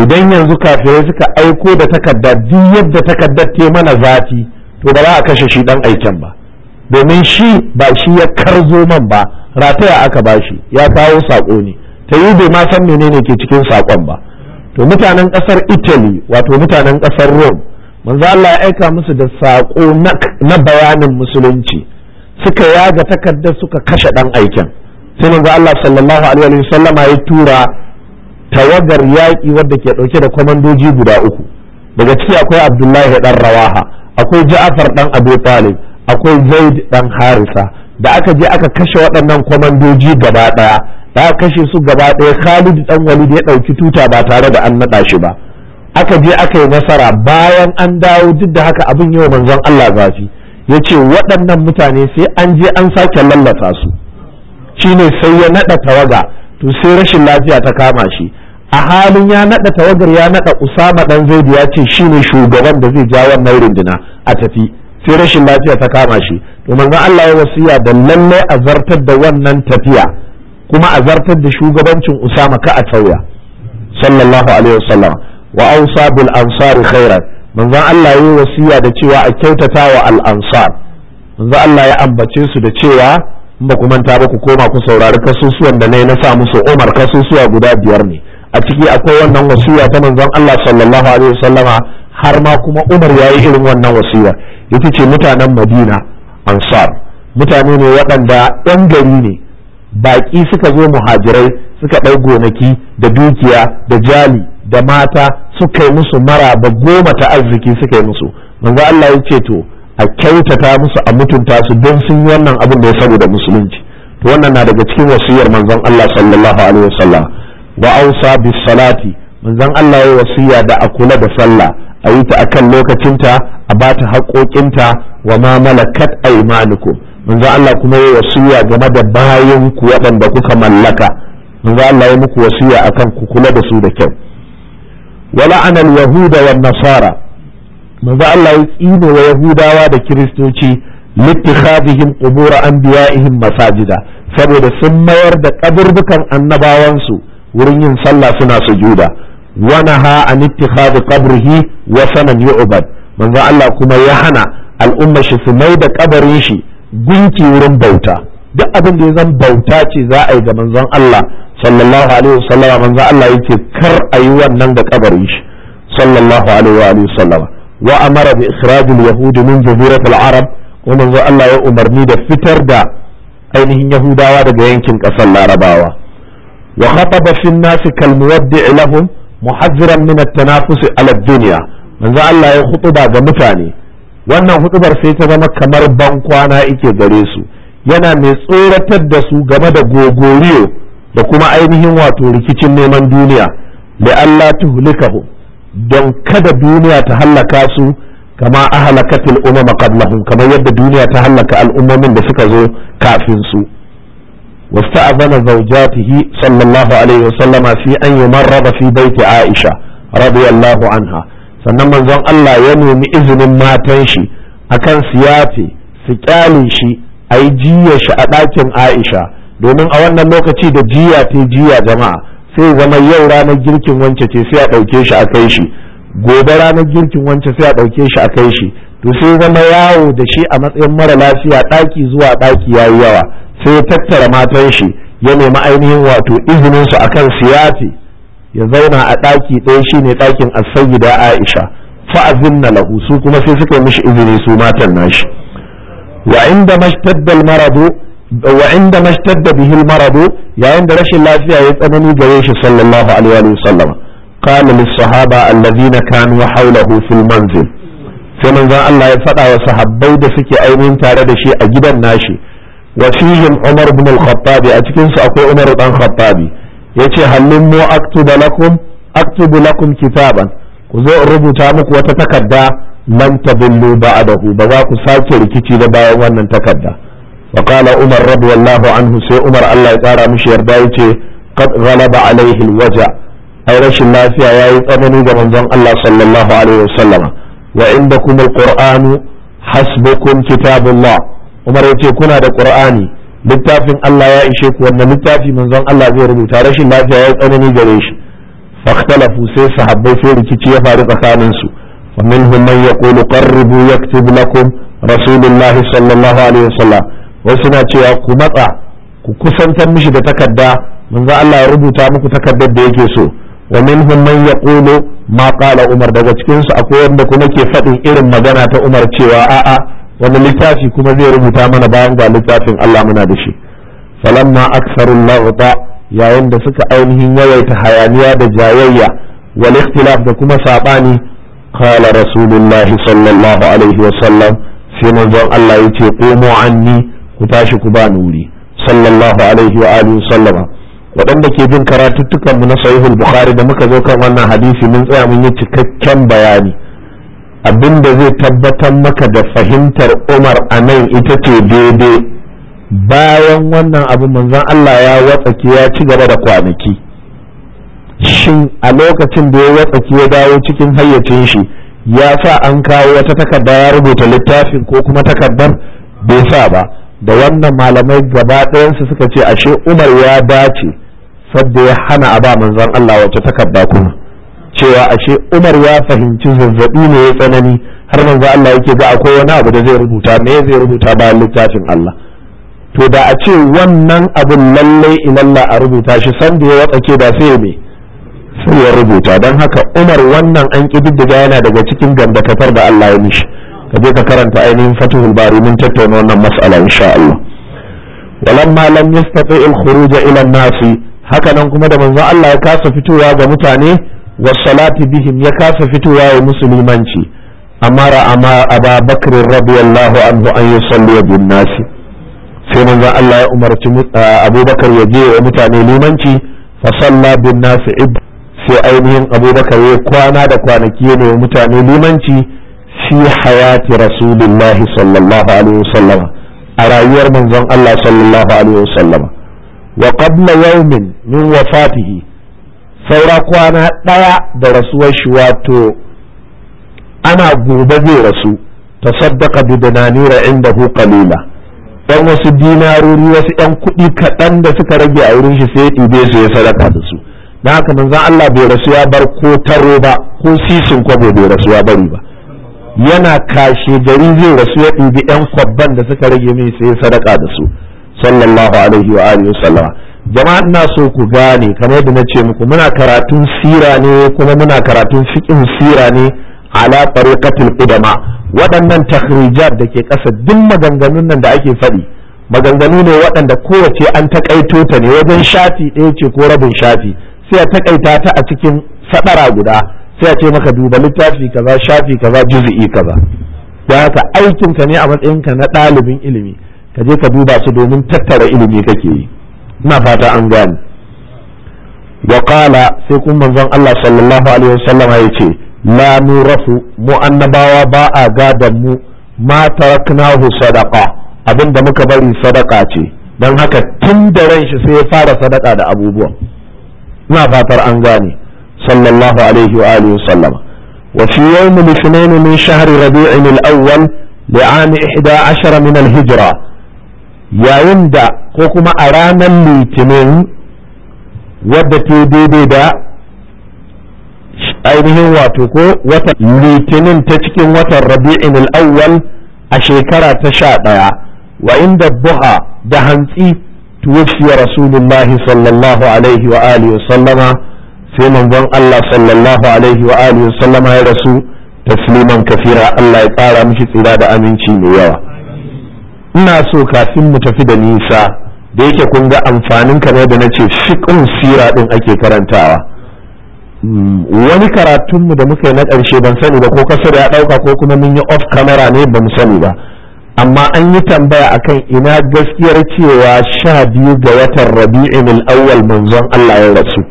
idan yanzu kafirai suka aiko da takardar duk yadda takardar ta mana zafi to ba za a kashe shi dan aiken ba domin shi ba shi ya karzo man ba rataya aka bashi ya kawo sako ne ta yi bai ma san menene ke cikin sakon ba to mutanen kasar Italy wato mutanen kasar Rome manzo Allah ya aika musu da sako na bayanin musulunci suka yaga takardar suka kashe dan aiken sai manzo Allah sallallahu alaihi wasallama ya tura tawagar yaƙi wadda ke ɗauke da kwamandoji guda uku daga ciki akwai abdullahi ɗan rawaha akwai ja'afar ɗan abu talib akwai zaid ɗan harisa da aka je aka kashe waɗannan kwamandoji gaba ɗaya da aka kashe su gaba ɗaya khalid ɗan da ya ɗauki tuta ba tare da an naɗa shi ba aka je aka yi nasara bayan an dawo duk da haka abin yau manzon Allah zafi ya ce waɗannan mutane sai an je an sake lallata su shine sai ya naɗa tawaga to sai rashin lafiya ta kama shi a halin ya naɗa tawagar ya naɗa usama ɗan zaidu ya ce shine shugaban da zai ja wannan runduna a tafi sai rashin lafiya ta kama shi to manzo Allah ya wasiya da lalle a zartar da wannan tafiya kuma a zartar da shugabancin usama ka a tauya sallallahu alaihi wasallam wa awsa bil ansar khairan manzo Allah ya wasiya da cewa a kyautata wa al ansar manzo Allah ya ambace su da cewa in ba ku manta ba ku koma ku saurari kasusuwan da yi na sa musu Umar kasusuwa guda biyar ne a ciki akwai wannan wasiya ta manzon Allah sallallahu alaihi wasallama har ma kuma Umar yayi irin wannan wasiyar yace ce mutanen Madina Ansar mutane ne waɗanda ɗan gari ne baƙi suka zo muhajirai suka ɗau gonaki da dukiya da jali da mata suka yi musu maraba goma ta arziki suka yi musu manzo Allah ya ce to a kyautata musu a mutunta su don sun yi wannan abin da ya saboda musulunci to wannan na daga cikin wasiyar manzon Allah sallallahu alaihi wasallam wa ausa bis salati manzon Allah ya wasiya da a kula da sallah a yi ta akan lokacinta a ba ta haƙoƙinta wa ma malakat aymanukum manzon Allah kuma ya wasiya game da bayan ku waɗanda kuka mallaka manzon Allah ya muku wasiya akan ku kula da su da kyau wala anal yahuda wan nasara manzon Allah ya tsine wa yahudawa da kiristoci littikhadihim qubur anbiya'ihim masajida saboda sun mayar da kaburbukan annabawansu wurin yin sallah suna sujuda wa naha an ittikhad qabrihi wa sanan yu'bad manzo Allah kuma ya hana al'umma shi su mai da kabarin shi gunki wurin bauta duk abin da ya zan bauta ce za a yi ga manzon Allah sallallahu alaihi wasallam manzon Allah yake kar a yi wannan ga kabarin shi sallallahu alaihi wasallam wa amara bi ikhraj al-yahud min jazirat al-arab wa manzon Allah ya umarni da fitar da ainihin yahudawa daga yankin kasar larabawa وخطب في الناس كالمودع لهم محذرا من التنافس على الدنيا من ذا الله يخطب هذا متاني wannan hutubar sai ta zama kamar ban kwana ike gare su yana mai tsoratar da su game da gogoriyo da kuma ainihin wato rikicin neman duniya da Allah tuhlikahu don kada duniya ta hallaka su kama ahalakatil umama qablahum kamar yadda duniya ta hallaka al'ummomin da suka zo kafin su واستأذن زوجاته صلى الله عليه وسلم في أن يمرض في بيت عائشة رضي الله عنها sannan manzon Allah ya nemi izinin matan shi akan سكالي شي su kyale shi عائشة shi a ɗakin Aisha domin a wannan lokaci da jiya ta jiya jama'a sai zama yau ranar girkin wance ce sai a ɗauke shi a kai shi gobe ranar girkin wance sai a ɗauke shi a kai shi to sai zama yawo da shi a matsayin mara lafiya ɗaki zuwa ɗaki yayi yawa sai ya tattara matan shi ya nemi ainihin wato izinin su akan siyasi ya zauna a ɗaki ɗaya shine ɗakin as-sayyida Aisha fa'azinna lahu su kuma sai suka yi mishi izini su matan nashi wa inda mashtadda al-maradu bihi maradu yayin da rashin lafiya ya tsanani gare shi sallallahu alaihi wa sallam qala lis-sahaba alladhina kanu hawlahu fil manzil sai manzon Allah ya faɗa wa sahabbai da suke ainihin tare da shi a gidan nashi wa umar ibn al a cikin su akwai umar dan khattab yace hallin mu aktuba lakum aktubu lakum kitaban ku zo in rubuta muku wata takarda lan tadullu ba'dahu ba za ku sake rikici da bayan wannan takarda wa qala umar radiyallahu anhu sai umar Allah ya tsara mishi yarda yace qad ghalaba alaihi al-waja ai rashin lafiya yayi tsanani ga manzon Allah sallallahu alaihi wasallama wa indakum al-qur'anu hasbukum kitabullah umar ya ce kuna da qur'ani littafin Allah ya ishe ku wannan littafi manzon Allah zai rubuta rashin lafiya ya tsanani gare shi faktalafu sai sahabbai sai rikici ya faru tsakanin su fa minhum man yaqulu qarribu yaktub lakum rasulullah sallallahu alaihi wasallam wasu suna cewa ku matsa ku kusantar mishi da takarda manzon Allah ya rubuta muku takardar da yake so wa minhum man yaqulu ma qala umar daga cikin su akwai wanda kuma ke faɗin irin magana ta umar cewa a'a wani littafi kuma zai rubuta mana bayan ga littafin Allah muna da shi falamma aksarul lagda yayin da suka ainihin yawaita hayaniya da jayayya wal ikhtilaf da kuma sabani qala rasulullahi sallallahu alaihi wa sallam sai manzon Allah yace qumu anni ku tashi ku ba nuri sallallahu alaihi wa alihi waɗanda ke bin karatuttukan mu na sahihul bukhari da muka zo kan wannan hadisi mun tsaya mun yi cikakken bayani abin da zai tabbatar maka da fahimtar umar a nan ita ce daidai bayan wannan abu manzon Allah ya watsake ya ci gaba da kwanaki shin a lokacin da ya watsake ya dawo cikin hayyacin shi ya sa an kawo wata takarda ya rubuta littafin ko kuma takardar bai sa ba da wannan malamai gaba ɗayansu suka ce ashe umar ya dace sadda ya hana a ba manzon Allah wacce takarda kuma cewa ashe Umar ya fahimci zazzabi ne ya tsanani har manzo Allah yake ga akwai wani abu da zai rubuta me zai rubuta bayan littafin Allah to da a ce wannan abin lallai ilalla a rubuta shi san da ya ke da sai me sai ya rubuta don haka Umar wannan an kididdiga yana daga cikin gandakatar da Allah ya mishi ka je ka karanta ainihin fatihul Bari mun tattauna wannan mas'ala insha Allah walamma lam yastati al-khuruj ila an-nas haka nan kuma da manzo Allah ya kasa fitowa ga mutane wasalati bihim ya kasa fitowa ya musulmanci amara a aba bakr radiyallahu anhu an yusalli bin nasi sai manzon Allah ya umarci abubakar ya je wa mutane limanci fa salla bin nasi ib sai ainihin abubakar ya kwana da kwanaki ne wa mutane limanci fi hayati rasulillahi sallallahu alaihi wasallama a rayuwar manzon Allah sallallahu alaihi wasallama wa qabla yawmin min wafatihi saura kwana ɗaya da rasuwar shi wato ana gobe zai rasu ta saddaka bidananira inda hu kalila dan wasu dinarori wasu yan kuɗi kaɗan da suka rage a wurin shi sai ya ɗibe su ya sadaka da su na haka zan Allah bai rasu ya bar ko taro ba ko sisin kwabo bai rasu ya bari ba yana kashe gari zai rasu ya ɗibi yan kwabban da suka rage mai sai ya sadaka da su sallallahu alaihi wa alihi wa sallama jama'a ina so ku gane kamar yadda na ce muku muna karatun sira ne kuma muna karatun fiqh sira ne ala tariqatil qudama waɗannan takhrijat da ke ƙasa duk maganganun nan da ake faɗi maganganu ne waɗanda kowace an takaito ta ne wajen shafi ɗaya ce ko rabin shafi sai a takaita ta a cikin saɗara guda sai a ce maka duba littafi kaza shafi kaza juz'i kaza don haka aikinka ne a matsayinka na ɗalibin ilimi ka je ka duba su domin tattara ilimi kake yi ina fata an gane wa qala sai kun manzon Allah sallallahu alaihi ya ce la nurafu mu annabawa ba a gadan mu ma taraknahu sadaqa abinda muka bari sadaka ce dan haka tun da ran shi sai ya fara sadaka da abubuwan ina fatar an gane sallallahu alaihi wa alihi wasallam wa fi yawm al-ithnain min shahri rabi'in al-awwal li'am 11 min al-hijra yayin da ko kuma a ranar litinin wadda ta daidai da ainihin wato ko watan litinin ta cikin watan rabi'in al'awwal a shekara ta sha ɗaya wa inda buha da hantsi tuwafiya rasulullahi sallallahu alaihi wa alihi sallama sai manzon Allah sallallahu alaihi wa alihi sallama ya rasu tasliman kafira Allah ya tsara mishi tsira da aminci mai yawa ina so kafin mu tafi da nisa da yake kun ga amfanin kamar da na ce fiƙin sira ɗin ake karantawa wani karatunmu da muka yi na ƙarshe ban sani ba ko kasar ya ɗauka ko kuma mun yi off camera ne ban sani ba amma an yi tambaya akan ina gaskiyar cewa sha biyu ga watan rabi'in al'awwal manzon Allah ya rasu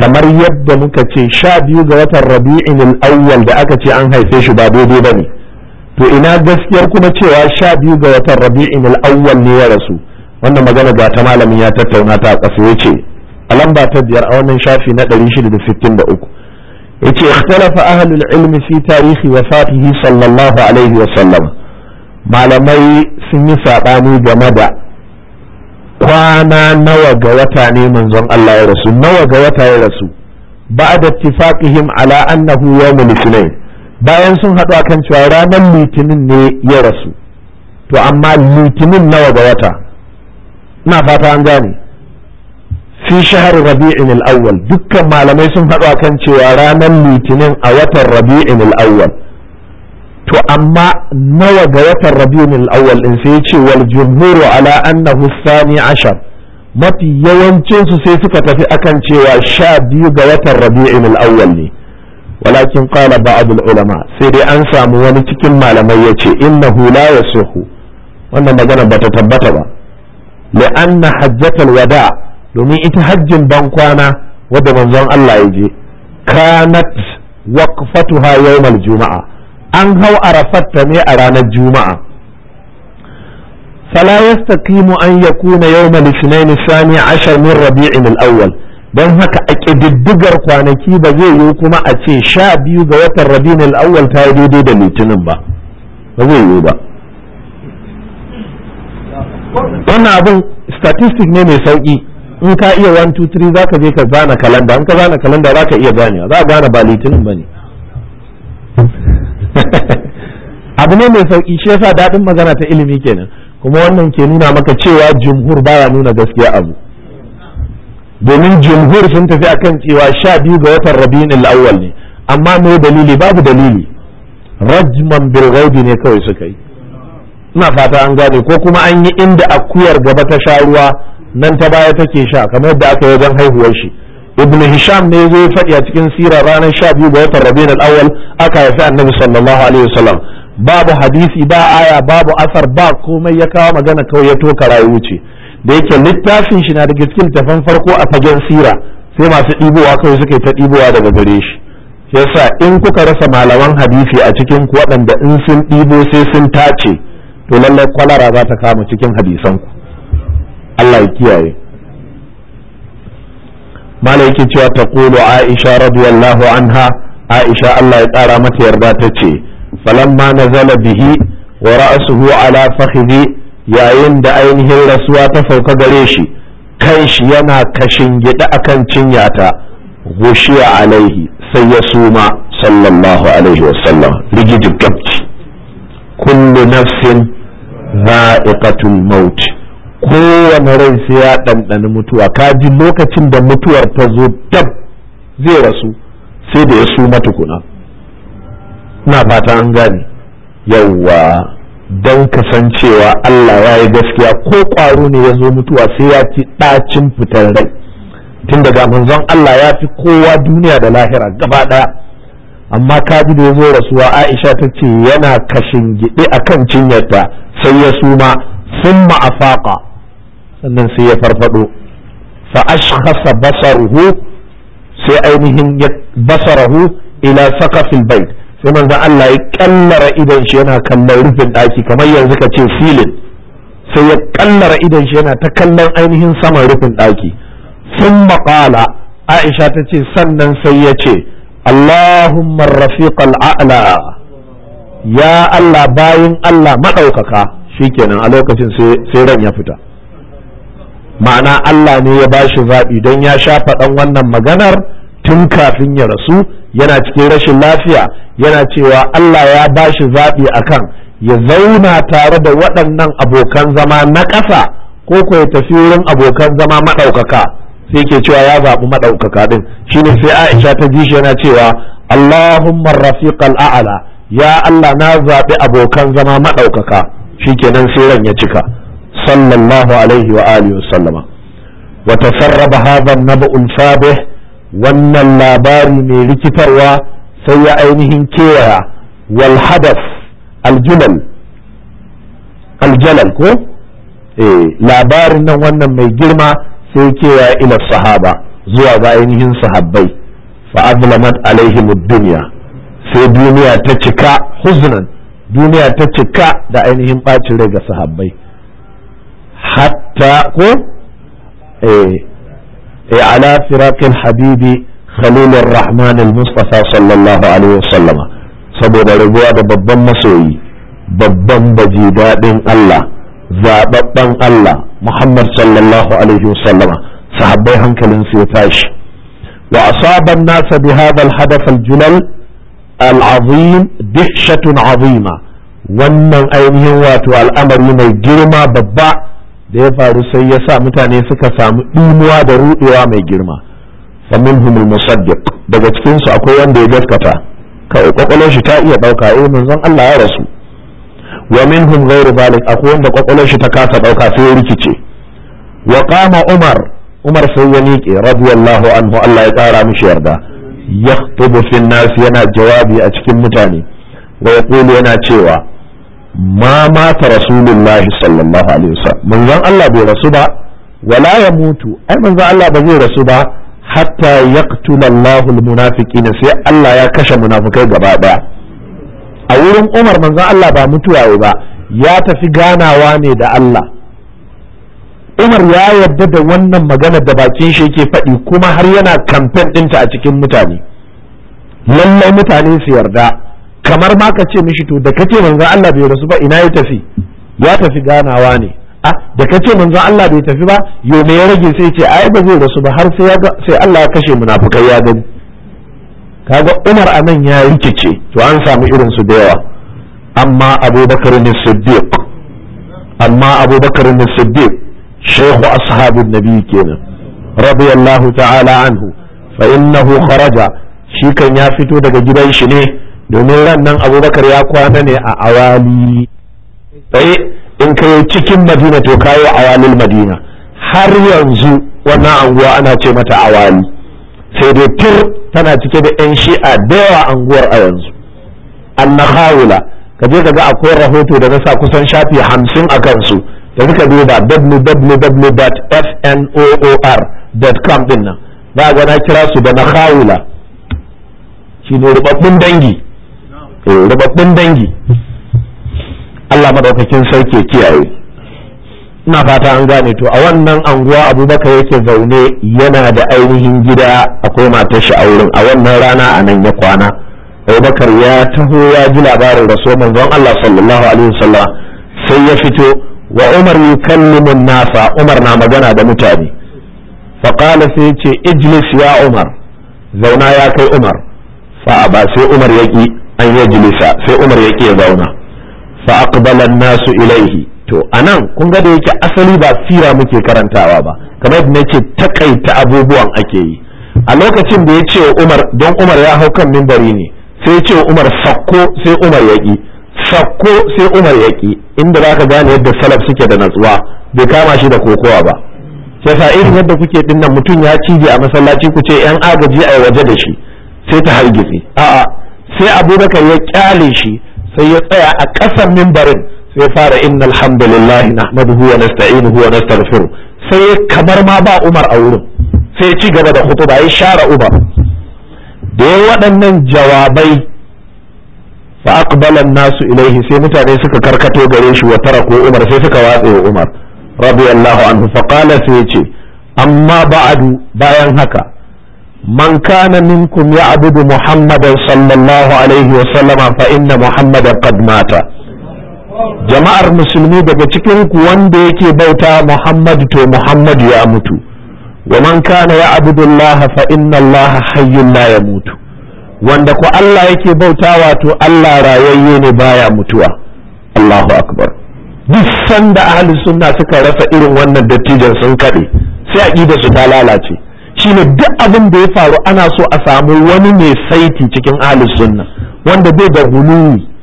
kamar yadda muka ce sha biyu ga watan rabi'in al'awwal da aka ce an haife shi ba daidai ba ne to ina gaskiyar kuma cewa sha biyu ga watan rabi'in al'awwal ne ya rasu wannan magana ga ta malamin ya tattauna ta a ƙasa ya ce a lamba ta biyar a wannan shafi na 663 ya ce ikhtalafa ahlul ilmi fi tarihi wafatihi sallallahu alaihi wa sallam malamai sun yi saɓani game da kwana nawa ga wata ne manzon Allah ya rasu nawa ga wata ya rasu ba'da ittifaqihim ala annahu yawmul ithnain bayan sun haɗu akan cewa ranar litinin ne ya rasu to amma litinin nawa ga wata ina fata an gane fi shahar rabi'in al-awwal dukkan malamai sun haɗu kan cewa ranar litinin a watan rabi'in al-awwal to amma nawa ga watan rabi'in al-awwal din sai ce wal jumhuru ala annahu thani ashar mafi yawancin su sai suka tafi akan cewa sha biyu ga watan rabi'in al-awwal ne walakin qala ba'd ulama sai dai an samu wani cikin malamai yace innahu la yasuhu wannan magana bata tabbata ba li'anna hajjatul wada domin ita hajjin ban kwana wadda manzon Allah ya je kanat waqfatuha yawmal juma'a an hau ta ne a ranar juma'a fala yastaqimu an yakuna yawmal ithnain thani ashar min rabi'in al-awwal don haka a ƙididdigar kwanaki ba zai yiwu kuma a ce sha biyu ga watan rabi'in al-awwal ta yi daidai da litinin ba ba zai ba wannan abin statistic ne mai sauki in ka iya 1 2 3 zaka je ka zana kalanda in ka zana kalanda zaka iya gane za ka gane ba litinin bane *laughs* abu ne mai sauki shi yasa daɗin magana ta ilimi kenan kuma wannan ke nuna maka cewa jumhur baya nuna gaskiya abu domin jumhur sun tafi akan cewa sha biyu ga watan rabi'in awwal ne amma me dalili babu dalili rajman bil ne kawai suka yi ina fata an gane ko kuma an yi inda akuyar gaba ta sha ruwa nan ta baya take sha kamar yadda aka yi wajen haihuwar shi ibn hisham ne zai ya faɗi a cikin sirar ranar sha biyu ga watan rabiul al-awwal aka haifi annabi sallallahu alaihi wasallam babu hadisi ba aya babu asar ba komai ya kawo magana kawai ya toka rayu wuce. da yake littafin shi na daga cikin tafan farko a fagen sira sai masu ɗibowa kawai suka yi ta ɗibowa daga gare shi yasa in kuka rasa malaman hadisi a cikin waɗanda in sun ɗibo sai sun tace to lallai kwalara za ta kama cikin hadisanku. ku Allah ya kiyaye mala yake cewa ta kulu aisha radiyallahu anha aisha Allah ya kara mata yarda ta ce falamma nazala bihi wa ra'suhu ala fakhidhi yayin da ainihin rasuwa ta sauka gare shi kan shi yana kashin gida akan ta. gushiya alaihi sai ya suma sallallahu alaihi wasallam rigijin gabci kullu nafsin za'iqatul maut kowane rai sai ya ɗanɗani mutuwa ka ji lokacin da mutuwar ta zo dab zai rasu sai da ya suma tukuna na fata an gane yawwa don kasancewa Allah ya yi gaskiya ko ƙwaro ne ya zo mutuwa sai ya ci ɗacin fitar rai tun daga manzon Allah ya fi kowa duniya da lahira gaba ɗaya amma ka ji da ya zo rasuwa aisha ta ce yana kashin gidi a kan cinyarta sai ya suma sun ma'afaƙa sannan sai ya farfado fa basarhu basaruhu sai ainihin ya basarahu ila saka bait sai manzan Allah ya kallara idan shi yana kallon rufin ɗaki kamar yanzu ka ce filin sai ya kallara idan shi yana ta kallon ainihin saman rufin ɗaki sun maƙala aisha ta ce sannan sai ya ce Allahumma rafiqal a'la ya Allah bayin Allah maɗaukaka shikenan a lokacin sai ran ya fita ma'ana Allah ne ya bashi zaɓi don ya sha faɗan wannan maganar tun kafin ya rasu yana cikin rashin lafiya yana cewa Allah ya bashi zaɓi akan ya zauna tare da waɗannan abokan zama na ƙasa ko ko ya tafi wurin abokan zama maɗaukaka sai ke cewa ya zaɓi maɗaukaka ɗin shine sai aisha ta ji shi yana cewa allahumma rafiqal a'ala ya allah na zaɓi abokan zama maɗaukaka shikenan sai ran ya cika sallallahu alaihi wa alihi wa sallama wa tasarraba hadha an-naba'ul fabih wannan labari mai rikitarwa sai ya ainihin kewaya wal hadath aljalal ko eh labarin nan wannan mai girma sai cewa ila sahaba zuwa ga ainihin sahabbai fa azlamat alaihim dunya sai duniya ta cika huznan duniya ta cika da ainihin bacin rai ga sahabbai hatta ko eh, eh ala firaqil habibi khalilur rahman al-mustafa sallallahu alaihi wasallama saboda rabuwa da babban masoyi babban baji daɗin Allah zababben Allah Muhammad sallallahu alaihi wasallama sahabbai hankalin su ya tashi wa asaban nasa bi hadha al-hadath al-julal al-azim dihshatun azima wannan ainihin wato al'amari mai girma babba da ya faru sai ya sa mutane suka samu ɗimuwa da ruɗewa mai girma faminhum al-musaddiq daga cikin su akwai wanda ya gaskata kai kwakwalwar shi ta iya ɗauka eh manzon Allah ya rasu wa minhum ghairu zalik akwai wanda kwakwalwar shi ta kasa dauka sai ya rikice wa qama umar umar sai ya miƙe radiyallahu anhu Allah ya kara mishi yarda yaktubu fi nas yana jawabi a cikin mutane wa yaqulu yana cewa ma mata rasulullahi sallallahu alaihi wasallam manzon Allah bai rasu ba wala ya mutu ai manzon Allah ba zai rasu ba hatta yaqtula Allahu almunafiqina sai Allah ya kashe munafikai gaba daya a wurin umar manzon Allah ba mutuwa ba ya tafi ganawa ne da Allah umar ya yarda da wannan maganar da bakin shi yake faɗi kuma har yana kamfen ɗinta a cikin mutane lallai mutane su yarda kamar ma ka ce mishi to da ka kace manzon Allah bai rasu ba ina ya tafi ya tafi ganawa ne a ah, da ce manzon Allah bai tafi ba yo me ya rage sai ce ai ba zai rasu ba har sai Allah ya kashe munafukai ya gani kaga umar a nan ya rikice to an samu irin su da yawa amma abubakar ne siddiq amma abubakar ne siddiq shehu ashabin nabi kenan radiyallahu ta'ala anhu fa innahu kharaja shi kan ya fito daga gidan shi ne domin ran nan abubakar ya kwana ne a awali Sai in kai cikin madina to kayo awalin madina har yanzu wannan anguwa ana ce mata awali sai dai tur tana cike da 'yan shi'a da yawa anguwar a yanzu annahawula ka je ka ga akwai rahoto da na sa kusan shafi hamsin a kansu da suka duba www.fnoor.com din nan ba ga na kira su da nahawula shi ne rubabbin dangi eh, rubabbin dangi Allah madaukakin sarki kiyaye ina fata an gane to a wannan anguwa abubakar yake zaune yana da ainihin gida akwai matar shi a wurin a wannan rana a nan ya kwana abubakar ya taho ya ji labarin rasuwar manzon allah sallallahu alaihi wasallam sai ya fito wa umar yukallimu nasa umar na magana da mutane faqala sai ce ijlis ya umar zauna ya kai umar fa ba sai umar yaki an yajlisa sai umar yaki ya zauna fa aqbala an-nasu ilaihi to anan kun ga da yake asali ba sira muke karantawa ba kamar yadda nace takaita abubuwan ake yi a lokacin da ya ce Umar don Umar ya hau kan mimbari ne sai ya ce Umar sakko sai Umar ya ki sakko sai Umar ya ki inda zaka gane yadda salaf suke da natsuwa bai kama shi da kokowa ba sai sa irin yadda kuke dinnan mutum ya cije a masallaci ku ce yan agaji a waje da shi sai ta hargitse a'a sai Abubakar ya kyale shi sai ya tsaya a ƙasan mimbarin sai fara inna hamdalillah nahmaduhu wa nasta'inuhu wa nastaghfiruh sai kamar ma ba Umar a wurin sai ci gaba da hutuba yi share Umar da waɗannan jawabai fa aqbala nasu ilaihi sai mutane suka karkato gare shi wa ko Umar sai suka watse wa Umar radiyallahu anhu fa qala sai ce amma ba'du bayan haka man kana minkum ya'budu muhammadan sallallahu alaihi wa sallama fa inna muhammadan qad mata jama'ar musulmi daga cikin ku wanda yake bauta muhammadu to muhammadu ya mutu wa man kana ya abudullaha fa inna allah hayyun la yamutu wanda ku Allah yake bautawa to Allah rayayye ne baya mutuwa Allahu akbar duk sanda ahli sunna suka rasa irin wannan dattijan sun kade sai aqida su ta lalace shine duk abin da ya faru ana so a samu wani mai saiti cikin ahli sunna wanda bai da hulumi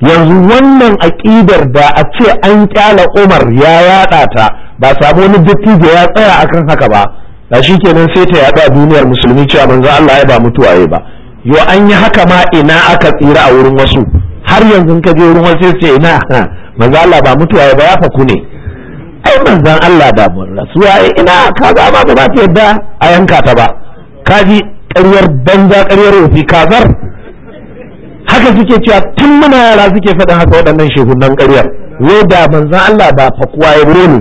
yanzu wannan aƙidar da a ce an kyala umar ya yaɗa ta ba samu wani dattijo ya tsaya akan haka ba da shi kenan sai ta yaɗa duniyar musulmi cewa manzo Allah ya ba mutuwaye ba yo an yi haka ma ina aka tsira a wurin wasu har yanzu ka je wurin wasu sai ina manzo Allah ba mutuwaye ba ya ku ne ai manzon Allah da rasuwa ina kaza ma ba za ta yadda a yanka ta ba kaji ƙaryar banza ƙaryar rufi kazar haka suke cewa tun muna yara suke faɗin haka waɗannan shehunan ƙarya wai da manzan Allah ba fakuwa ya ne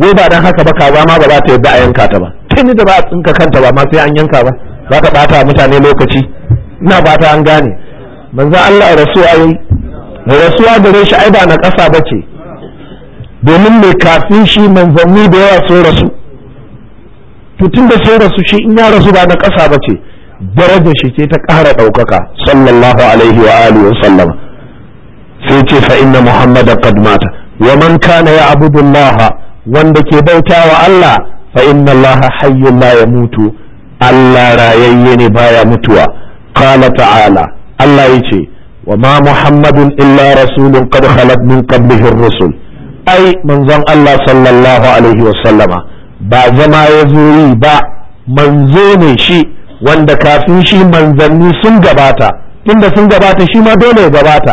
wai ba dan haka ba kaza ma ba za ta yadda a yanka ta ba tuni da ba a tsinka kanta ba ma sai an yanka ba za ka ɓata mutane lokaci ina ta an gane manzan Allah rasuwa yayi rasuwa gare shi ai ba na ƙasa ba ce domin mai kafin shi manzanni da yawa sun rasu to tun da sun rasu shi in ya rasu ba na ƙasa ba ce daraja shi ce ta ƙara ɗaukaka sallallahu alaihi wa alihi wa sallam sai ce fa inna Muhammad qad mata wa man kana ya'budu Allah wanda ke bautawa Allah fa inna Allah hayyun la yamutu Allah rayayye ne baya mutuwa qala ta'ala Allah yace wa ma muhammadun illa rasulun qad khalat min qablihi ar-rusul ai manzon Allah sallallahu alaihi wa sallama ba zama ya zo yi ba manzo ne shi wanda kafin shi manzanni sun gabata tunda sun gabata shi ma dole ya gabata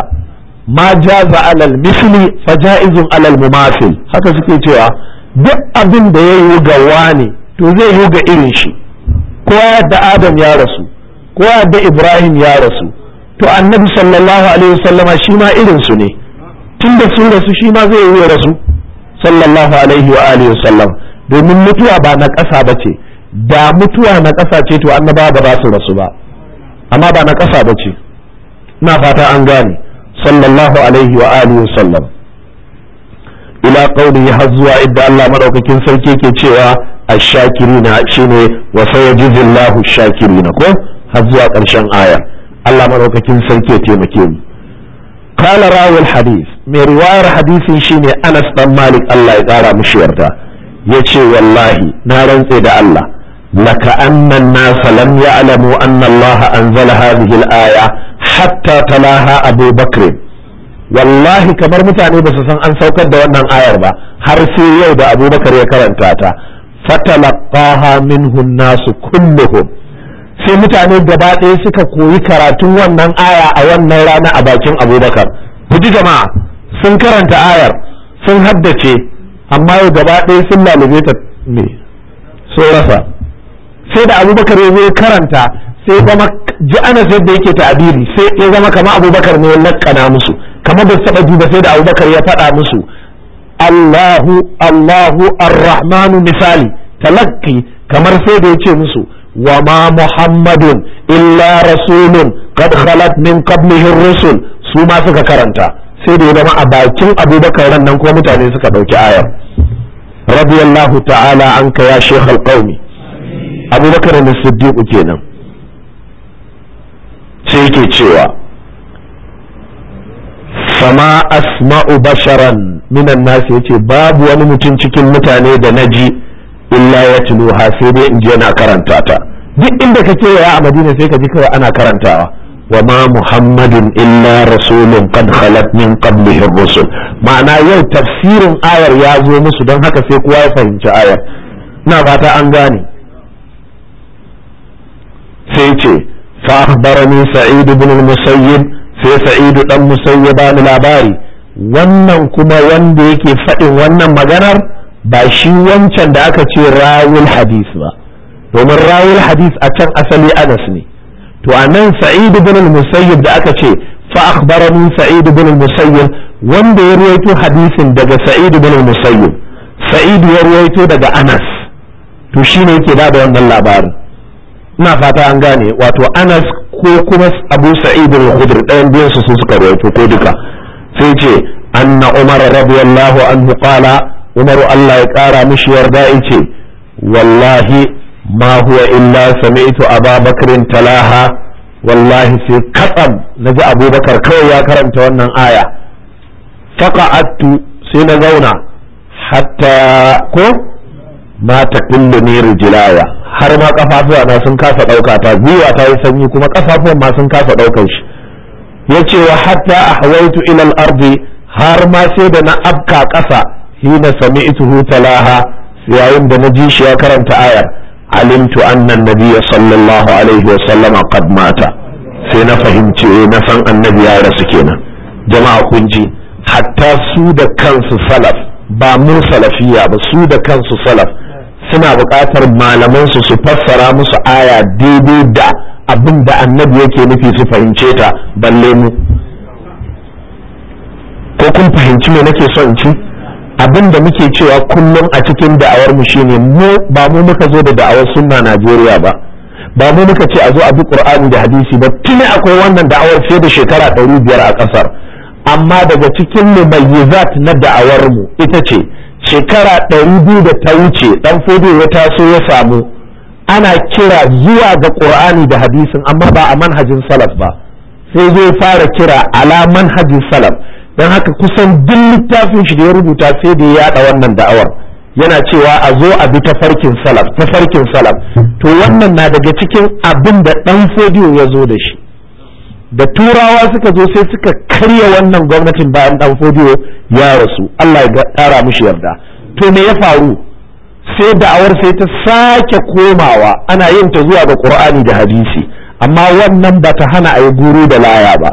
ma jaza alal misli fa ja'izun alal mumasil haka suke cewa duk abin da ya yi ga wani to zai yi ga irin shi ko da adam ya rasu ko da ibrahim ya rasu to annabi sallallahu alaihi wasallama shi ma irin su ne da sun rasu shi ma zai yi rasu sallallahu alaihi wa alihi wasallam domin mutuwa ba na ƙasa ba ce da mutuwa na ƙasa ce to an ba za su rasu ba amma ba na ƙasa ba ce na fata an gane sallallahu alaihi wa alihi wa sallam ila qauli har zuwa idda Allah madaukakin sarki ke cewa ash-shakirina shine wa sayajizillahu ash-shakirina ko har zuwa ƙarshen aya Allah madaukakin sarki ya taimake mu قال راوي الحديث من رواية حديث شيني أنس بن مالك الله يقارى مشورته ya ce wallahi na rantse da Allah لكأن الناس لم يعلموا أن الله أنزل هذه الآية حتى تلاها أبو بكر wallahi kamar mutane ba su san an saukar da wannan ayar ba har sai yau da abubakar ya karanta ta fatalaqaha minhun nasu kulluhum sai mutane gaba suka koyi karatun wannan aya a wannan rana a bakin abubakar kuji jama'a sun karanta ayar sun haddace amma yau gaba sun lalube ta me rasa sai da abubakar ya zo karanta sai zama ji anas yadda yake ta'abiri sai ya zama kama abubakar ne ya lakkana musu kamar da saba duba sai da abubakar ya faɗa musu Allahu Allahu Ar-Rahmanu misali talakki kamar sai da ya ce musu Muhammadun illa rasulun رسول khalat min qablihi ar rusul su ma suka karanta sai da ya zama a bakin abubakar ran nan kuma mutane suka ɗauki ayar radiyallahu ta'ala anka ya al alqaumi abubakar da siddiqu kenan sai yake cewa sama asma'u basharan minan nasu yace babu wani mutum cikin mutane da naji illa ya tuluha sai dai in yana karanta ta duk inda ka kewaya a madina sai ka ji kawai ana karantawa wa ma muhammadun illa rasulun qad khalat min qablihi rusul ma'ana yau tafsirin ayar ya zo musu don haka sai kowa ya fahimci ayar na fata an gane sai ce fa akhbarani sa'id ibn al-musayyib sai sa'id dan musayyib bani labari wannan kuma wanda yake faɗin wannan maganar ba shi wancan da aka ce rawul hadis ba domin rawul hadis a can asali anas ne to a nan sa'id ibn al-musayyib da aka ce fa akhbarani sa'id ibn al-musayyib wanda ya ruwaito hadisin daga sa'id ibn al-musayyib sa'id ya ruwaito daga anas to shine yake ba da wannan labarin ina fata an gane wato anas ko kuma abu sa'id al-khudri ɗayan biyan su su suka rawaito ko duka sai ce anna umar radiyallahu anhu qala umar Allah ya kara mishi yarda yace wallahi ma huwa illa sami'tu ababakrin talaha wallahi sai katsam naji abubakar kawai ya karanta wannan aya faqa'attu sai na zauna hatta ko ma ta kullu ne rijilaya har ma kafafuwa na sun kasa ɗaukata ta gwiwa ta yi sanyi kuma kafafuwan ma sun kasa ɗaukar shi ce wa hatta a hawaitu ilal ardi har ma sai da na abka ƙasa hina sami'tuhu talaha yayin da na ji shi ya karanta ayar alimtu anna an-nabiyya sallallahu alaihi wa sallama qad mata sai na fahimci eh, na san annabi ya rasu kenan jama'a kun ji hatta su da kansu salaf ba mun salafiya ba su da kansu salaf suna buƙatar malamansu su fassara musu aya daidai da abin da annabi yake nufi su fahimce ta balle mu ko kun fahimci me nake son ci abin da muke cewa kullum a cikin da'awar mu shine mu ba mu muka zo da da'awar sunna Najeriya ba ba mu muka ce a zo a bi Qur'ani da hadisi ba tuni akwai wannan da'awar fiye da shekara 500 a ƙasar. amma daga cikin mu mumayyizat na da'awar mu ita ce shekara ɗari biyu da ta wuce ɗan fodiyo ya taso ya samu ana kira zuwa ga ƙur'ani da hadisin amma ba a manhajin salaf ba sai zai fara kira ala manhajin salaf don haka kusan duk littafin shi da ya rubuta sai da ya yaɗa wannan da'awar yana cewa a zo a bi tafarkin salaf tafarkin salaf to wannan na daga cikin abin da ɗan fodiyo ya zo da shi da turawa suka zo sai suka karya wannan gwamnatin bayan dan fodiyo ya rasu Allah ya kara mishi yarda to me ya faru sai da'awar sai ta sake komawa ana yin ta zuwa ga Qur'ani da hadisi amma wannan bata hana a yi guru da laya ba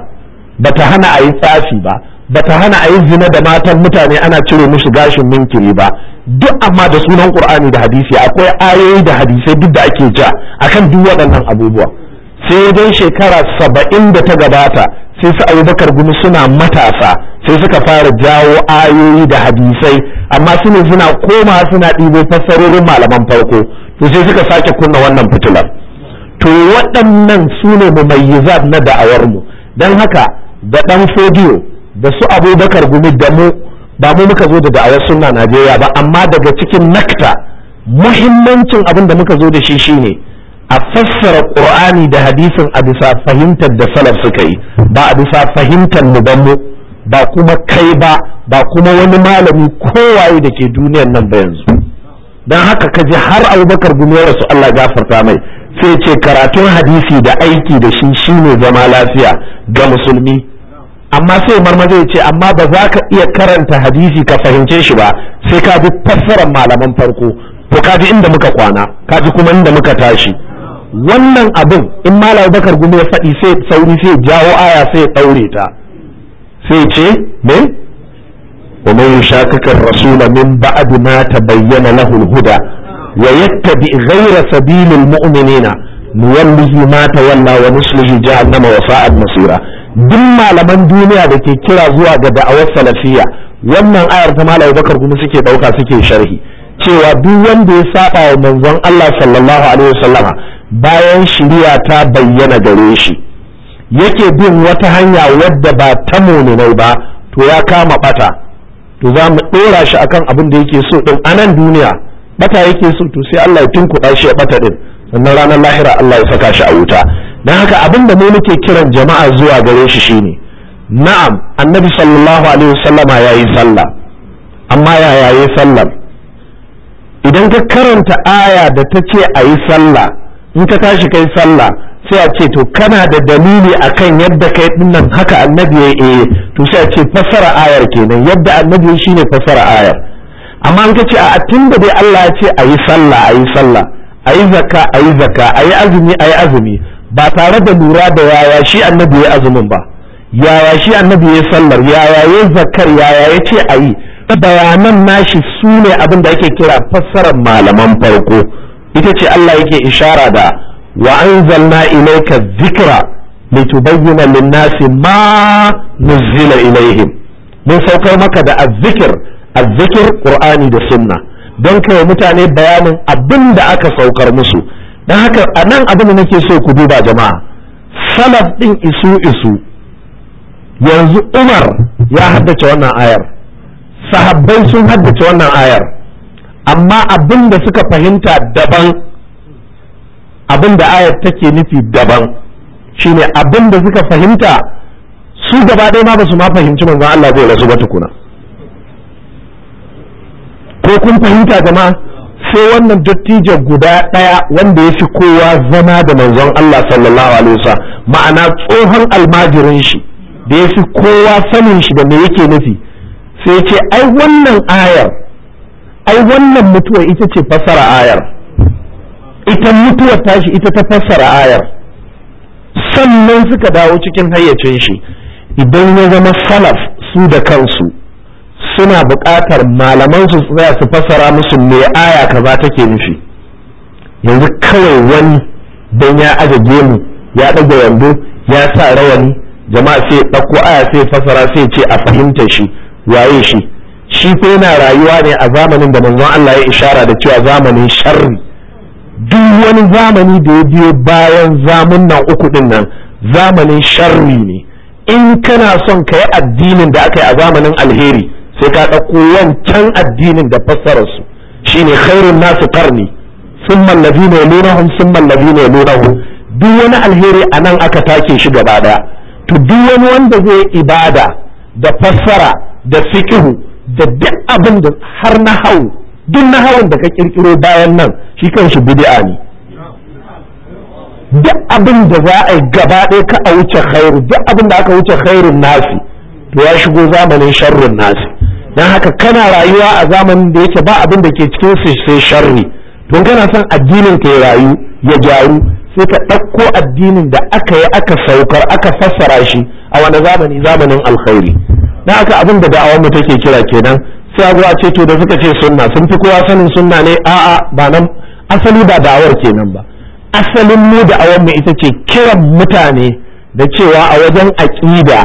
bata hana a yi tsafi ba bata hana a yi zina da matan mutane ana cire musu gashin minkiri ba duk amma da sunan Qur'ani da hadisi akwai ayoyi da hadisai duk da ake ja akan duk waɗannan abubuwa sai wajen shekara saba'in da ta gabata sai su abubakar gumi suna matasa sai suka fara jawo ayoyi da hadisai amma su ne suna koma suna ɗibo fassarorin malaman farko to sai suka sake kunna wannan fitilar to waɗannan su ne mumayyizat na da'awarmu don haka da ɗan fodiyo da su abubakar gumi da mu ba mu muka zo da da'awar suna najeriya ba amma daga cikin nakta muhimmancin abin da muka zo da shi shine a fassara qur'ani da hadisin a bisa fahimtar da salaf suka yi ba a bisa fahimtar mu ba ba kuma kai ba ba kuma wani malami kowaye da ke duniyar nan ba yanzu don haka ka ji har abubakar gumiyar su Allah gafarta mai sai ce karatun hadisi da aiki da shi shine zama lafiya ga musulmi amma sai marmaza ya ce amma ba za ka iya karanta hadisi ka fahimce shi ba sai ka bi fassarar malaman farko to ka ji inda muka kwana ka ji kuma inda muka tashi wannan abin in mala bakar gumi ya faɗi sai sauri sai jawo aya sai ɗaure ta sai ce me wa man yushakkaka rasula min ba'd ma tabayyana lahu al-huda wa yattabi ghayra sabili al-mu'minina nuwallihi ma tawalla wa nuslihi jahannama wa sa'at masira duk malaman duniya da ke kira zuwa ga da'awar salafiya, wannan ayar ta malai bakar gumi suke dauka suke sharhi cewa duk wanda ya saba wa manzon Allah sallallahu alaihi wasallama bayan shari'a ta bayyana gare shi yake bin wata hanya wadda ba ta muminai ba to ya kama bata to za mu dora shi akan abin da yake so din a nan duniya bata yake so to sai Allah ya tunkuɗa shi ya bata din sannan ranar lahira Allah ya saka shi a wuta dan haka abin da mu muke kiran jama'a zuwa gare shi shine na'am annabi sallallahu alaihi wasallama yayi sallah amma yaya yayi idan ka karanta aya da ta ce a yi sallah in ka tashi kai sallah sai a ce to kana da dalili akan yadda kai dinnan haka annabi ya e to sai a ce fassara ayar kenan yadda annabi ya ne fassara ayar amma in ka ce a da dai Allah ya ce a yi sallah a yi sallah a yi zakka a yi zakka a yi azumi a yi azumi ba tare da lura da yaya shi annabi ya azumin ba yaya shi annabi ya sallar yaya ya zakkar yaya ya ce a yi bayanan nashi su ne abin da ake kira fassarar malaman farko ita ce Allah yake ishara da wa anzalna ilayka dhikra litubayyana lin-nasi ma nuzila ilaihim mun saukar maka da azzikir azzikir qur'ani da sunna don kai mutane bayanin abin da aka saukar musu dan haka a nan abin da nake so ku duba jama'a salaf din isu isu yanzu umar ya haddace wannan ayar sahabbai sun haddace wannan ayar amma abin da suka fahimta daban abin da ayar take nufi daban shine abin da suka fahimta su gaba ɗaya ma ba su ma fahimci manzon Allah zai rasu ba tukuna ko kun fahimta jama sai wannan dattijo guda ɗaya wanda ya fi kowa zama da manzon Allah sallallahu alaihi wasallam ma'ana tsohon almajirin shi da ya fi kowa sanin shi da me yake nufi sai ce ai wannan ayar ai wannan mutuwa ita ce fasara ayar ita mutuwa tashi ita ta fasara ayar sannan suka dawo cikin hayyacin shi idan ya zama salaf su da kansu suna buƙatar malaman su tsaya su fasara musu me aya kaza take nufi yanzu kawai wani don ya aje gemu ya ɗaga wando ya sa rawani jama'a sai ɗauko aya sai fasara sai ce a fahimta shi waye shi shi ko yana rayuwa ne a zamanin da manzon Allah ya ishara da cewa zamanin sharri duk wani zamani da ya biyo bayan nan uku din nan zamanin sharri ne in kana son ka yi addinin da aka yi a zamanin alheri sai ka ɗauko wancan addinin da fassararsu shine khairun nasu karni sun mallabi ne lunahun sun mallabi ne lunahun duk wani alheri a nan aka take shi gaba ɗaya to duk wani wanda zai ibada da fassara da fikihu da duk abin da har na hau duk na hawan da ka kirkiro bayan nan shi kanshi bid'a ne duk abin da za a yi gaba ɗaya ka a wuce khairu duk abin da aka wuce khairun nasi to ya shigo zamanin sharrin nasi dan haka kana rayuwa a zamanin da yake ba abin da ke cikin su sai sharri don kana son addinin ka ya rayu ya gyaru sai ka ɗauko addinin da aka yi aka saukar aka fassara shi a wani zamani zamanin alkhairi da haka abin da da'awar mu take kira kenan sai a ce to da suka ce sunna sun fi kowa sanin sunna ne a'a ba nan asali ba da'awar kenan ba asalin mu da'awar mu ita ce kiran mutane da cewa a wajen aqida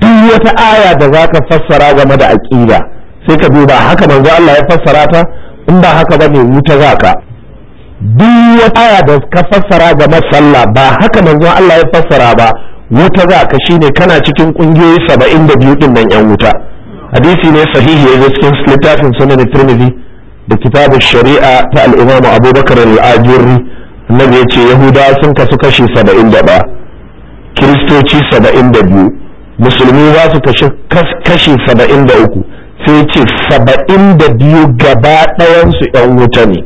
duk wata aya da zaka fassara game da aqida sai ka duba haka manzo Allah ya fassara ta in ba haka bane wuta zaka duk wata aya da ka fassara game sallah ba haka manzo Allah ya fassara ba wuta za ka shine kana cikin kungiyoyi saba'in da biyu din nan yan wuta hadisi ne sahihi ya cikin littafin sunan tirmidhi da kitabu shari'a ta al abubakar al na ya ce yahudawa sun kasu kashi saba'in da ɗaya kiristoci saba'in da biyu musulmi za su kashi kashi saba'in da uku sai ce saba'in da biyu gaba ɗayansu yan wuta ne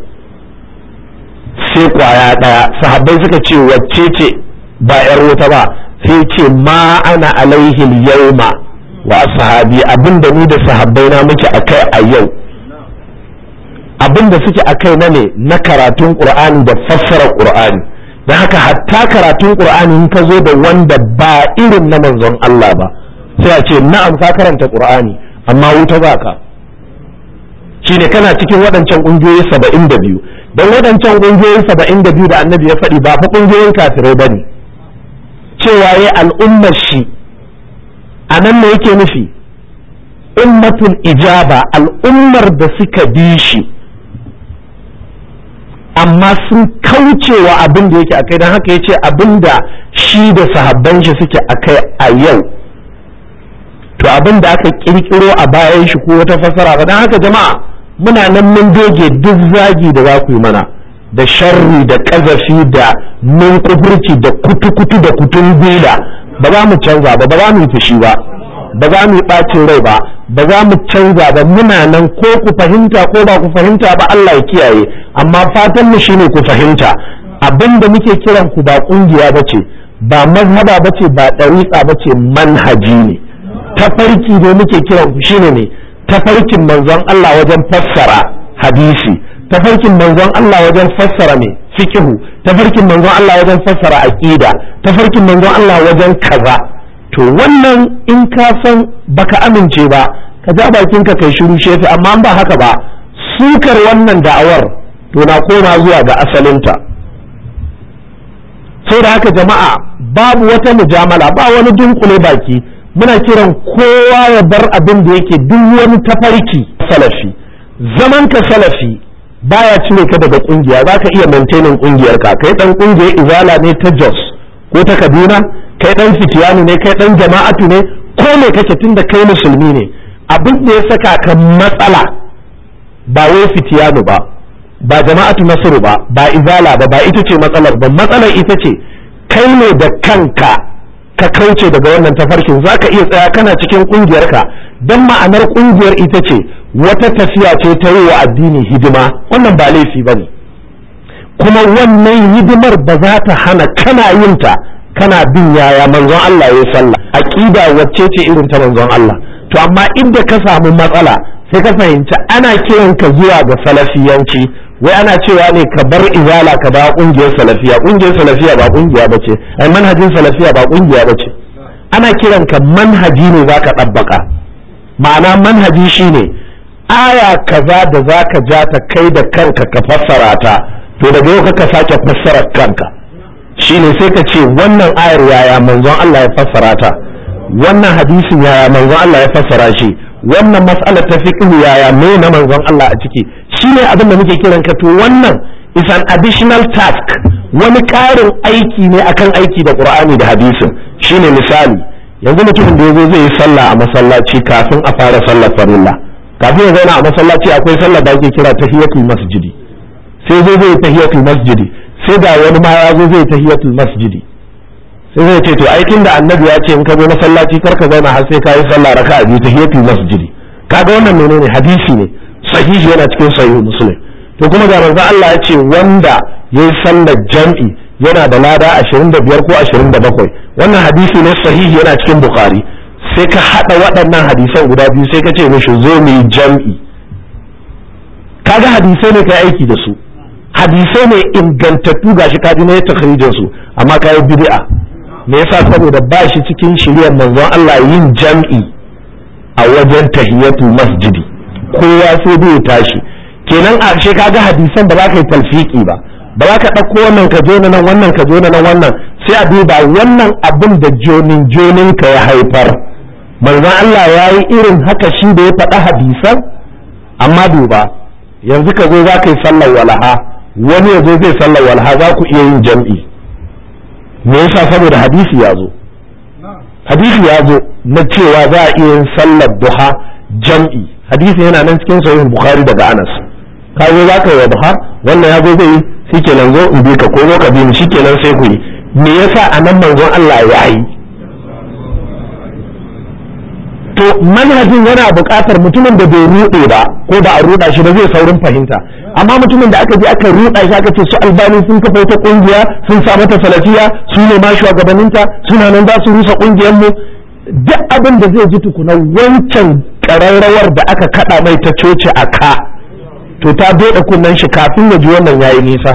sai kwaya ɗaya sahabbai suka ce wacce ce ba yar wuta ba sai ce ma ana alaihil yauma wa ashabi abinda ni da sahabbai na muke akai a yau abinda suke akai na ne na karatun qur'ani da fassara qur'ani da haka hatta karatun qur'ani in ka zo da wanda ba irin na manzon Allah ba sai a ce na'am ka karanta qur'ani amma wuta ba ka shine kana cikin waɗancan ƙungiyoyi saba'in da biyu don waɗancan ƙungiyoyi saba'in da biyu da annabi ya faɗi ba fa ƙungiyoyin kafirai ba ne cewa ya al'ummar shi a nan ne yake nufi ummatul ijaba al'ummar da suka bi shi amma sun kaucewa abin da yake akai don haka ya ce abin da shi da sahabban shi suke akai a yau to abin da aka kirkiro a bayan shi ko wata fasara ba don haka jama'a muna nan mun doge duk zagi da za ku yi mana da sharri da ƙazafi da nunkufurci da kutukutu da kutun gwila ba za mu canza ba ba za mu yi fushi ba ba za mu yi ɓacin rai ba ba za mu canza ba muna nan ko ku fahimta ko ba ku fahimta ba Allah ya kiyaye amma fatan mu shine ku fahimta abinda muke kiran ku ba kungiya bace ba mazhaba bace ba dariqa bace manhaji ne tafarki ne muke kiran ku shine ne tafarkin manzon Allah wajen fassara hadisi tafarkin manzon Allah wajen fassara ne fiqhu tafarkin manzon Allah wajen fassara aqida tafarkin manzon Allah wajen kaza to wannan in ka san baka amince ba ka ja bakin ka kai shiru shefe amma ba haka ba sukar wannan da'awar to na koma zuwa ga asalinta sai da haka jama'a babu wata mujamala ba wani dunkule baki muna kiran kowa ya bar abin da yake duk wani tafarki salafi zaman ka salafi baya cire ka daga kungiya za ka iya maintaining kungiyar ka kai dan kungiya izala ne ta jos ko ta kaduna kai dan fitiyanu ne kai dan jama'atu ne ko me kake tunda kai musulmi ne abin da ya saka ka matsala ba wai fitiyanu ba ba jama'atu nasuru ba ba izala ba ba ita ce matsalar ba matsalar ita ce kai ne da kanka ka kauce daga wannan tafarkin za ka iya tsaya kana cikin ƙungiyarka don ma'anar ƙungiyar ita ce wata tafiya ce ta yi wa addini hidima wannan ba laifi ba ne kuma wannan hidimar ba za ta hana kana yin ta kana bin yaya manzon Allah ya sallah aqida wacce ce irin ta manzon Allah to amma inda ka samu matsala sai ka fahimci ana kiran ka zuwa ga salafiyanci wai ana cewa ne ka bar izala ka ba kungiyar salafiya kungiyar salafiya ba kungiya bace ai manhajin salafiya ba kungiya bace ana kiran ka manhaji ne zaka dabbaka ma'ana manhaji shine aya kaza da zaka ja ta kai da kanka ka fassara ta to daga yau ka sake fassara kanka shine sai ka ce wannan ayar yaya manzon Allah ya fassara ta wannan hadisin yaya manzon Allah ya fassara shi wannan mas'alar ta fiqh yaya me na manzon Allah a ciki shi ne abin da muke kiran ka to wannan is an additional task wani ƙarin aiki ne akan aiki da ƙur'ani da hadisin shine misali yanzu mutumin da yazo zai yi sallah a masallaci kafin a fara sallar farilla kafin ya zauna a masallaci akwai sallar da ake kira tahiyatul masjidi sai zai zai tahiyatul masjidi sai da wani ma ya zo zai tahiyatul masjidi sai zai ce to aikin da annabi ya ce in ka zo masallaci kar ka zauna har sai ka yi sallah raka'a biyu tahiyatul masjidi kaga wannan menene hadisi ne sahihi yana cikin sahihu muslim to kuma ga manzo Allah ya ce wanda yi sallar jam'i yana da lada 25 ko 27 wannan hadisi ne sahihi yana cikin bukhari sai ka hada waɗannan hadisan guda biyu sai ka ce mishi zo mu yi jam'i kaga hadisai ne kai aiki da su hadisai ne ingantattu gashi ka ji ne takhrijin su amma kai bid'a me yasa saboda ba shi cikin shiriyar manzon Allah yin jam'i a wajen tahiyatu masjidi kowa sai dai ya tashi kenan a ka kaga hadisan ba za ka yi talfiki ba ba za ka ɗauko wannan ka jona nan wannan ka jona nan wannan sai a duba wannan abin da jonin jonin ka ya haifar manzon Allah ya yi irin haka shi da ya faɗa hadisan amma duba yanzu ka zo za ka yi sallar walaha wani ya zo zai sallar walaha za ku iya yin jam'i me yasa saboda hadisi ya zo hadisi ya zo na cewa za a iya yin sallar duha jam'i hadisi yana nan cikin sahih bukhari daga anas ka zo za ka yi wa wannan ya zo zai yi nan zo in bi ka ko zo ka bi ni nan sai ku yi me yasa anan nan manzon Allah ya yi to manhajin yana buƙatar mutumin da bai ruɗe ba ko da a ruɗa shi ba zai saurin fahimta amma mutumin da aka je aka ruɗa shi aka ce su albani sun kafa ta ƙungiya sun sa mata salafiya su ne ma shugabanninta suna nan za su rusa ƙungiyar mu duk abin da zai ji tukuna wancan ƙararrawar da aka kaɗa mai ta coci a ka to ta bude kunnen shi kafin ya ji wannan yayi nisa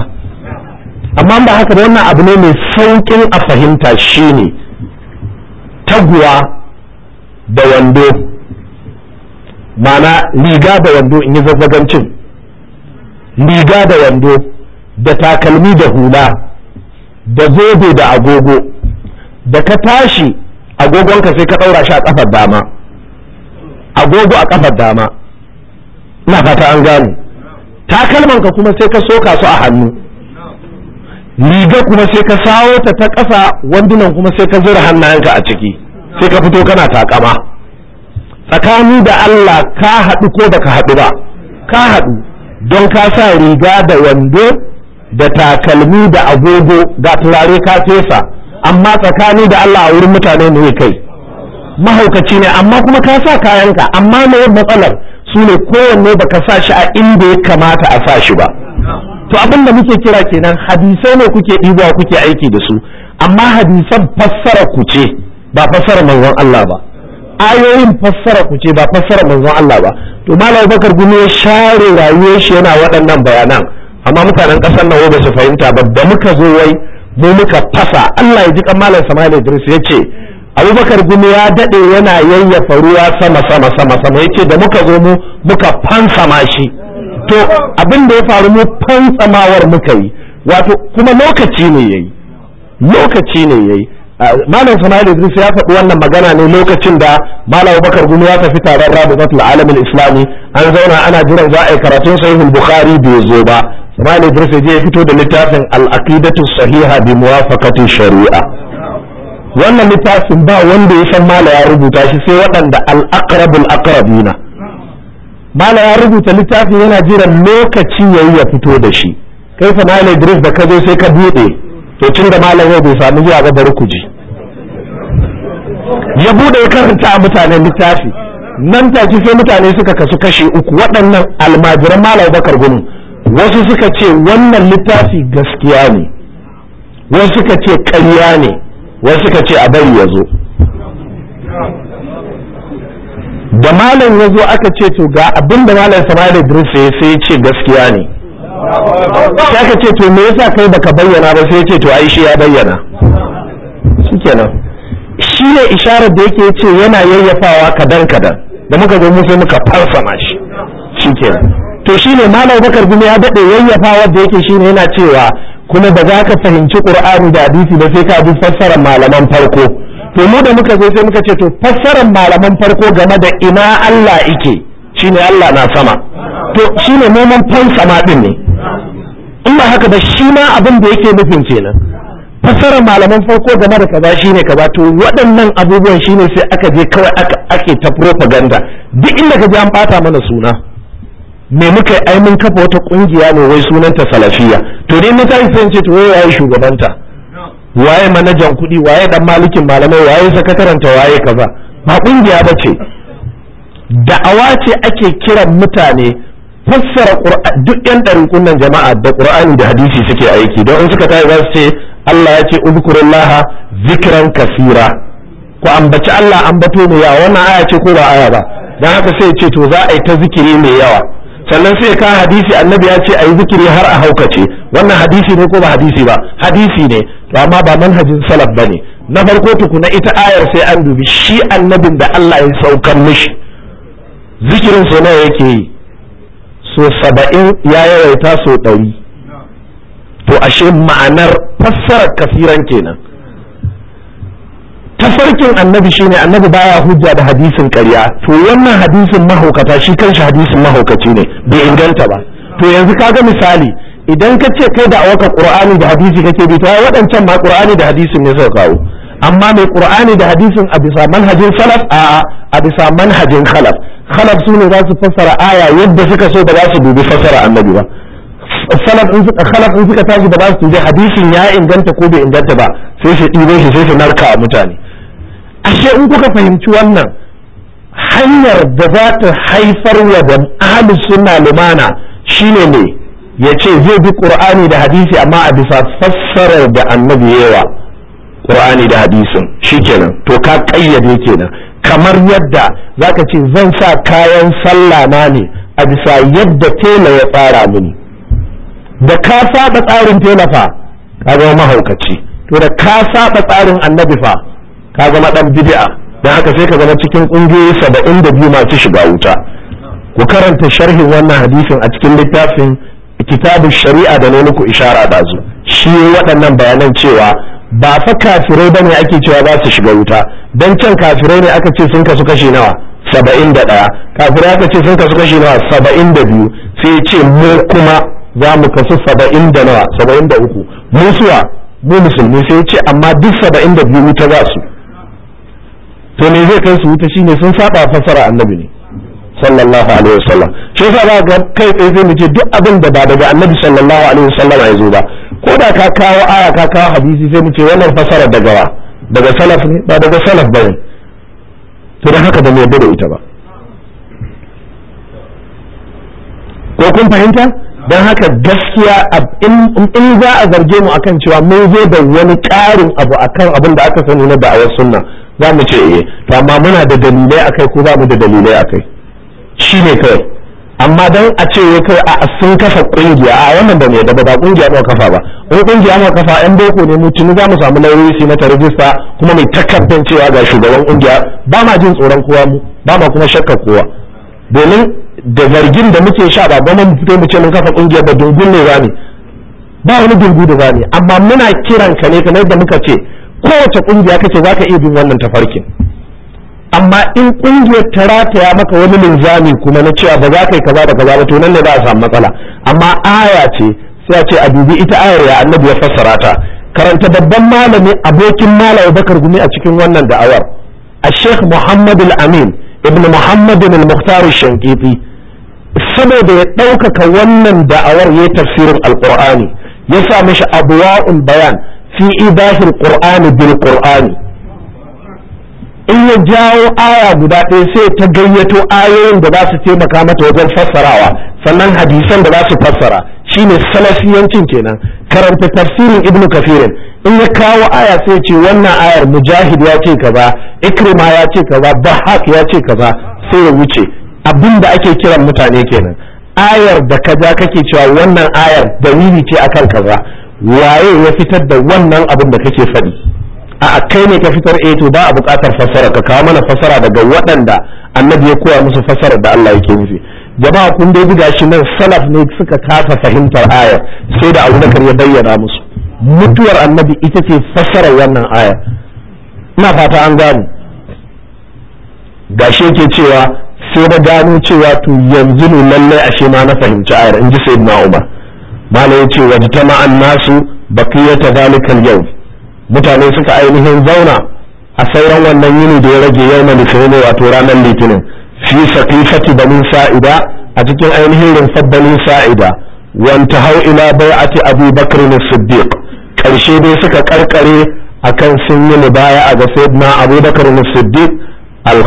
amma ba haka da wannan abu ne mai saukin a fahimta shi ne. taguwa da wando mana riga da wando in yi zazzagancin riga da wando da takalmi da hula da zobe da agogo da ka tashi agogonka sai ka ɗaura shi a ƙafar dama agogo a kafar dama ina fata an gane ka kuma sai ka soka su a hannu riga kuma sai ka sawo ta ta ƙasa wandunan kuma sai ka zura hannayenka a ciki sai ka fito kana takama tsakani da Allah ka haɗu ko baka haɗu ba ka haɗu don ka sa riga da wando da takalmi da agogo ga turare ka fesa amma tsakani da Allah a wurin mutane ne kai mahaukaci ne amma kuma ka sa kayanka amma me matsalar su ne kowanne baka sa shi a inda ya kamata a sa shi ba to abin da muke kira kenan hadisai ne kuke ɗibawa kuke aiki da su amma hadisan fassara ku ce ba fassara manzon Allah ba ayoyin fassara ku ce ba fassara manzon Allah ba to malam bakar gumi ya share rayuwar shi yana waɗannan bayanan amma mutanen ƙasar nan ba su fahimta ba da muka zo wai mu muka fasa Allah ya ji kan malam Sama'il Idris ya ce abubakar gumi ya daɗe yana yayyafa ruwa sama sama sama sama yace da muka zo mu muka fansama shi to abin da ya faru mu fansamawar muka yi wato kuma lokaci ne yayi lokaci ne yayi malam samuel Idris ya faɗi wannan magana ne lokacin da malam Abubakar Gumi ya tafi taron Rabitul Alamin Islami an zauna ana jiran za a yi karatun Sahihul Bukhari bai zo ba samuel Idris ya je ya fito da littafin Al-Aqidatu Sahiha bi Muwafaqati Shari'a wannan littafin ba wanda ya san mala ya rubuta shi sai waɗanda al'aqrabul aqrabina mala ya rubuta littafin yana jiran lokaci yi ya fito da shi kai fa mala Idris da ka zo sai ka bude to cin da mala bai samu zuwa ga bari ku ya bude ya karanta mutanen littafi nan ta take sai mutane suka kasu kashe uku waɗannan almajiran malam bakar gunu wasu suka ce wannan littafi gaskiya ne wasu suka ce ƙarya ne wasu ka ce a bari ya zo da malam ya zo aka ce to ga abin da malam da idris ya sai ce gaskiya ne sai aka ce to me yasa kai baka bayyana ba sai ya ce to ai shi ya bayyana shikenan shi ne isharar da yake ce yana yayyafawa kadan kadan da muka zo mu sai muka farsama shi shikenan to shine malam bakar gumi ya dade yayyafawa da yake shine yana cewa kuma ba za ka fahimci qur'ani da hadisi ba sai ka bi fassarar malaman farko to mu da muka zo sai muka ce to fassarar malaman farko game da ina Allah yake shine Allah na sama to shine neman fansama din ne in ba haka ba shi ma abin da yake nufin kenan fassarar malaman farko game da kaza shine kaza to waɗannan abubuwan shine sai aka je kawai ake ta propaganda duk inda ka ji an bata mana suna me muka yi ai mun kafa wata kungiya ne wai sunanta salafiya to dai na tafi sai ce to waye shugabanta waye manajan kuɗi waye dan malikin malamai waye sakataranta waye kaza ba kungiya ba ce da'awa ce ake kiran mutane fassara duk yan ɗariƙun nan jama'a da qur'ani da hadisi suke aiki don in suka tashi za su ce Allah ya ce udkurullaha zikran kasira ku ambaci Allah ambato ne ya? wannan aya ce ko ba aya ba dan haka sai ce to za a yi ta zikiri mai yawa sannan sai ka hadisi annabi ya ce ayi zikiri har a haukace wannan hadisi ne ko ba hadisi ba hadisi ne to amma ba manhajin salaf ba ne na farko tukuna ita ayar sai an dubi shi annabin da Allah ya saukar mishi zikirin sai nawa yake yi so saba'in ya yawaita so ɗari to ashe ma'anar fassarar kasiran kenan tafarkin annabi shine annabi baya hujja da hadisin ƙarya to wannan hadisin mahaukata shi kanshi hadisin mahaukaci ne bai inganta ba to yanzu kaga misali idan ka ce kai da awaka qur'ani da hadisi kake bi to waɗancan ma qur'ani da hadisin ne suka kawo amma mai qur'ani da hadisin a bisa manhajin salaf a a bisa manhajin khalaf khalaf sune za su fassara aya yadda suka so ba za su dubi fassara annabi ba salaf in suka khalaf in suka tashi ba za su dubi hadisin ya inganta ko bai inganta ba sai su ɗibo shi sai su narka a mutane ashe in kuka fahimci wannan hanyar da za ta haifar wa da ahli sunna lumana shine ne ya ce zai bi qur'ani da hadisi amma a bisa fassarar da annabi yawa qur'ani da hadisin shikenan to ka kayyade kenan kamar yadda zaka ce zan sa kayan sallah na ne a bisa yadda tela ya tsara mini da ka saba tsarin tela fa ka zama mahaukaci to da ka saba tsarin annabi fa ka zama ɗan bid'a dan haka sai ka zama cikin kungiyoyi biyu masu shiga wuta ku karanta sharhin wannan hadisin a cikin littafin kitabun shari'a da ne muku ishara da su shi waɗannan bayanan cewa ba fa kafirai bane ake cewa za su shiga wuta dan can kafirai ne aka ce sun kasu kashi nawa saba'in da ɗaya kafirai aka ce sun kasu kashi nawa saba'in da biyu sai ce mu kuma za mu kasu saba'in da nawa saba'in da uku musuwa mu musulmi sai ce amma duk saba'in da biyu wuta za su to ne zai kai su wuta shine sun saba fasara annabi ne sallallahu alaihi wasallam shi yasa ba ga kai tsaye zai muke duk abin da ba daga annabi sallallahu alaihi wasallam ya zo ba ko da ka kawo aya ka kawo hadisi sai mu ce wannan fasara daga wa daga salaf ne ba daga salaf ba ne to dan haka ba mu yarda da ita ba ko kun fahimta don haka gaskiya in za a zarge mu akan cewa mun zo da wani ƙarin abu akan abin da aka sani na da'awar sunna za mu ce eh to amma muna da dalilai akai ko ba mu da dalilai akai ne kai amma dan a ce ya kai a sun kafa kungiya a wannan da mai da ba kungiya ba kafa ba in kungiya ma kafa yan boko ne mu tuni za mu samu lauyoyi mata rajista kuma mai takardar cewa ga shugaban kungiya ba ma jin tsoron kowa mu ba ma kuma shakka kowa domin da zargin da muke sha ba ba mu fito mu ce mun kafa kungiya ba dungun ne ba ne ba wani dungu da ba ne amma muna kiran ka ne kamar da muka ce kowace ƙungiya kace za ka iya bin wannan tafarkin amma in ƙungiyar ta rataya maka wani linzami kuma na cewa ba za ka yi kaza da kaza ba to nan ne za a samu matsala amma aya ce sai a ce a dubi ita ayar ya annabi ya fassara ta karanta babban malami abokin malam bakar gumi a cikin wannan da'awar a sheikh muhammad al-amin ibn muhammad al-mukhtar Shankifi, saboda ya ɗaukaka wannan da'awar ya yi tafsirin alƙur'ani ya sa mashi abuwa'ul bayan fi ibahil ƙur'ani bil qur'ani in ya jawo aya guda ɗaya sai ta gayyato ayoyin da za su taimaka mata wajen fassarawa sannan hadisan da za su fassara shine salafiyancin kenan karanta tafsirin ibnu kafirin in ya kawo aya sai ce wannan ayar mujahid ya ce kaza ikrima ya ce kaza bahak ya ce kaza sai ya wuce abin da ake kiran mutane kenan ayar da kaja kake cewa wannan ayar dalili ce akan kaza waye ya fitar da wannan abin da kake faɗi a kai ne ka fitar eh to ba a buƙatar fasara. ka kawo mana fasara daga waɗanda annabi ya koya musu fasara da Allah yake nufi jama'a kun dai buga shi nan salaf ne suka kasa fahimtar ayar sai da abu bakar ya bayyana musu mutuwar annabi ita ce fasara wannan aya ina fata an gano gashi yake cewa sai da gano cewa to yanzu ne lallai ashe ma na fahimci ayar in ji sayyidina Umar bala ya ce ta nasu ya ta zalikal yau mutane suka ainihin zauna a sauran wannan yini da ya rage yau ne wato ranar litinin fi da bani sa'ida a cikin ainihin rumfar bani sa'ida wanta hau ila ci abu bakr siddiq karshe dai suka karkare akan sun yi mubaya a ga sayyidina abu bakr siddiq al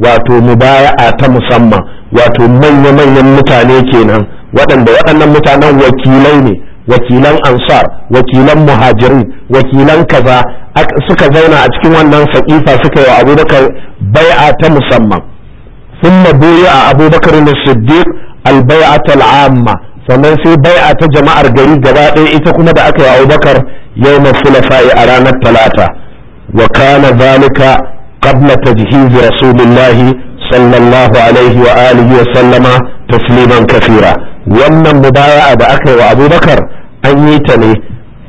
wato mubaya ta musamman wato manya-manyan mutane kenan waɗanda waɗannan mutanen wakilai ne wakilan ansar wakilan muhajirin wakilan kaza suka zauna a cikin wannan saƙifa suka yi wa abubakar bai'a ta musamman thumma a abubakar na siddiq ta al'amma sannan sai bai'a ta jama'ar gari gaba ɗaya ita kuma da aka yi abubakar yau mafi a ranar talata wa kana zalika قبل تجهيز رسول sallallahu alaihi الله عليه وآله وسلم تسليما kafira. wannan mubaya'a da aka yi wa abubakar an yi ta ne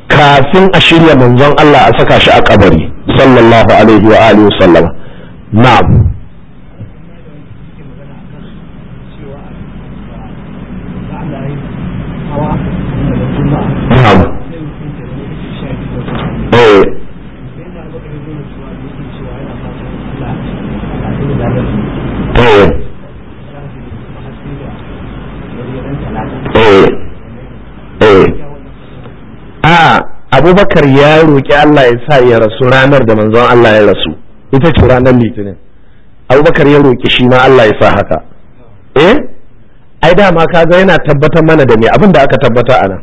kafin a shirya manzon Allah a saka shi a kabari sallallahu alaihi wa alihi wa sallama na'am abubakar ya roƙi Allah ya sa ya rasu ranar da manzon Allah ya rasu ita ce ranar litinin abubakar ya roƙi shi ma Allah ya sa haka eh ai dama kaga yana tabbatar mana da me abin da aka tabbata a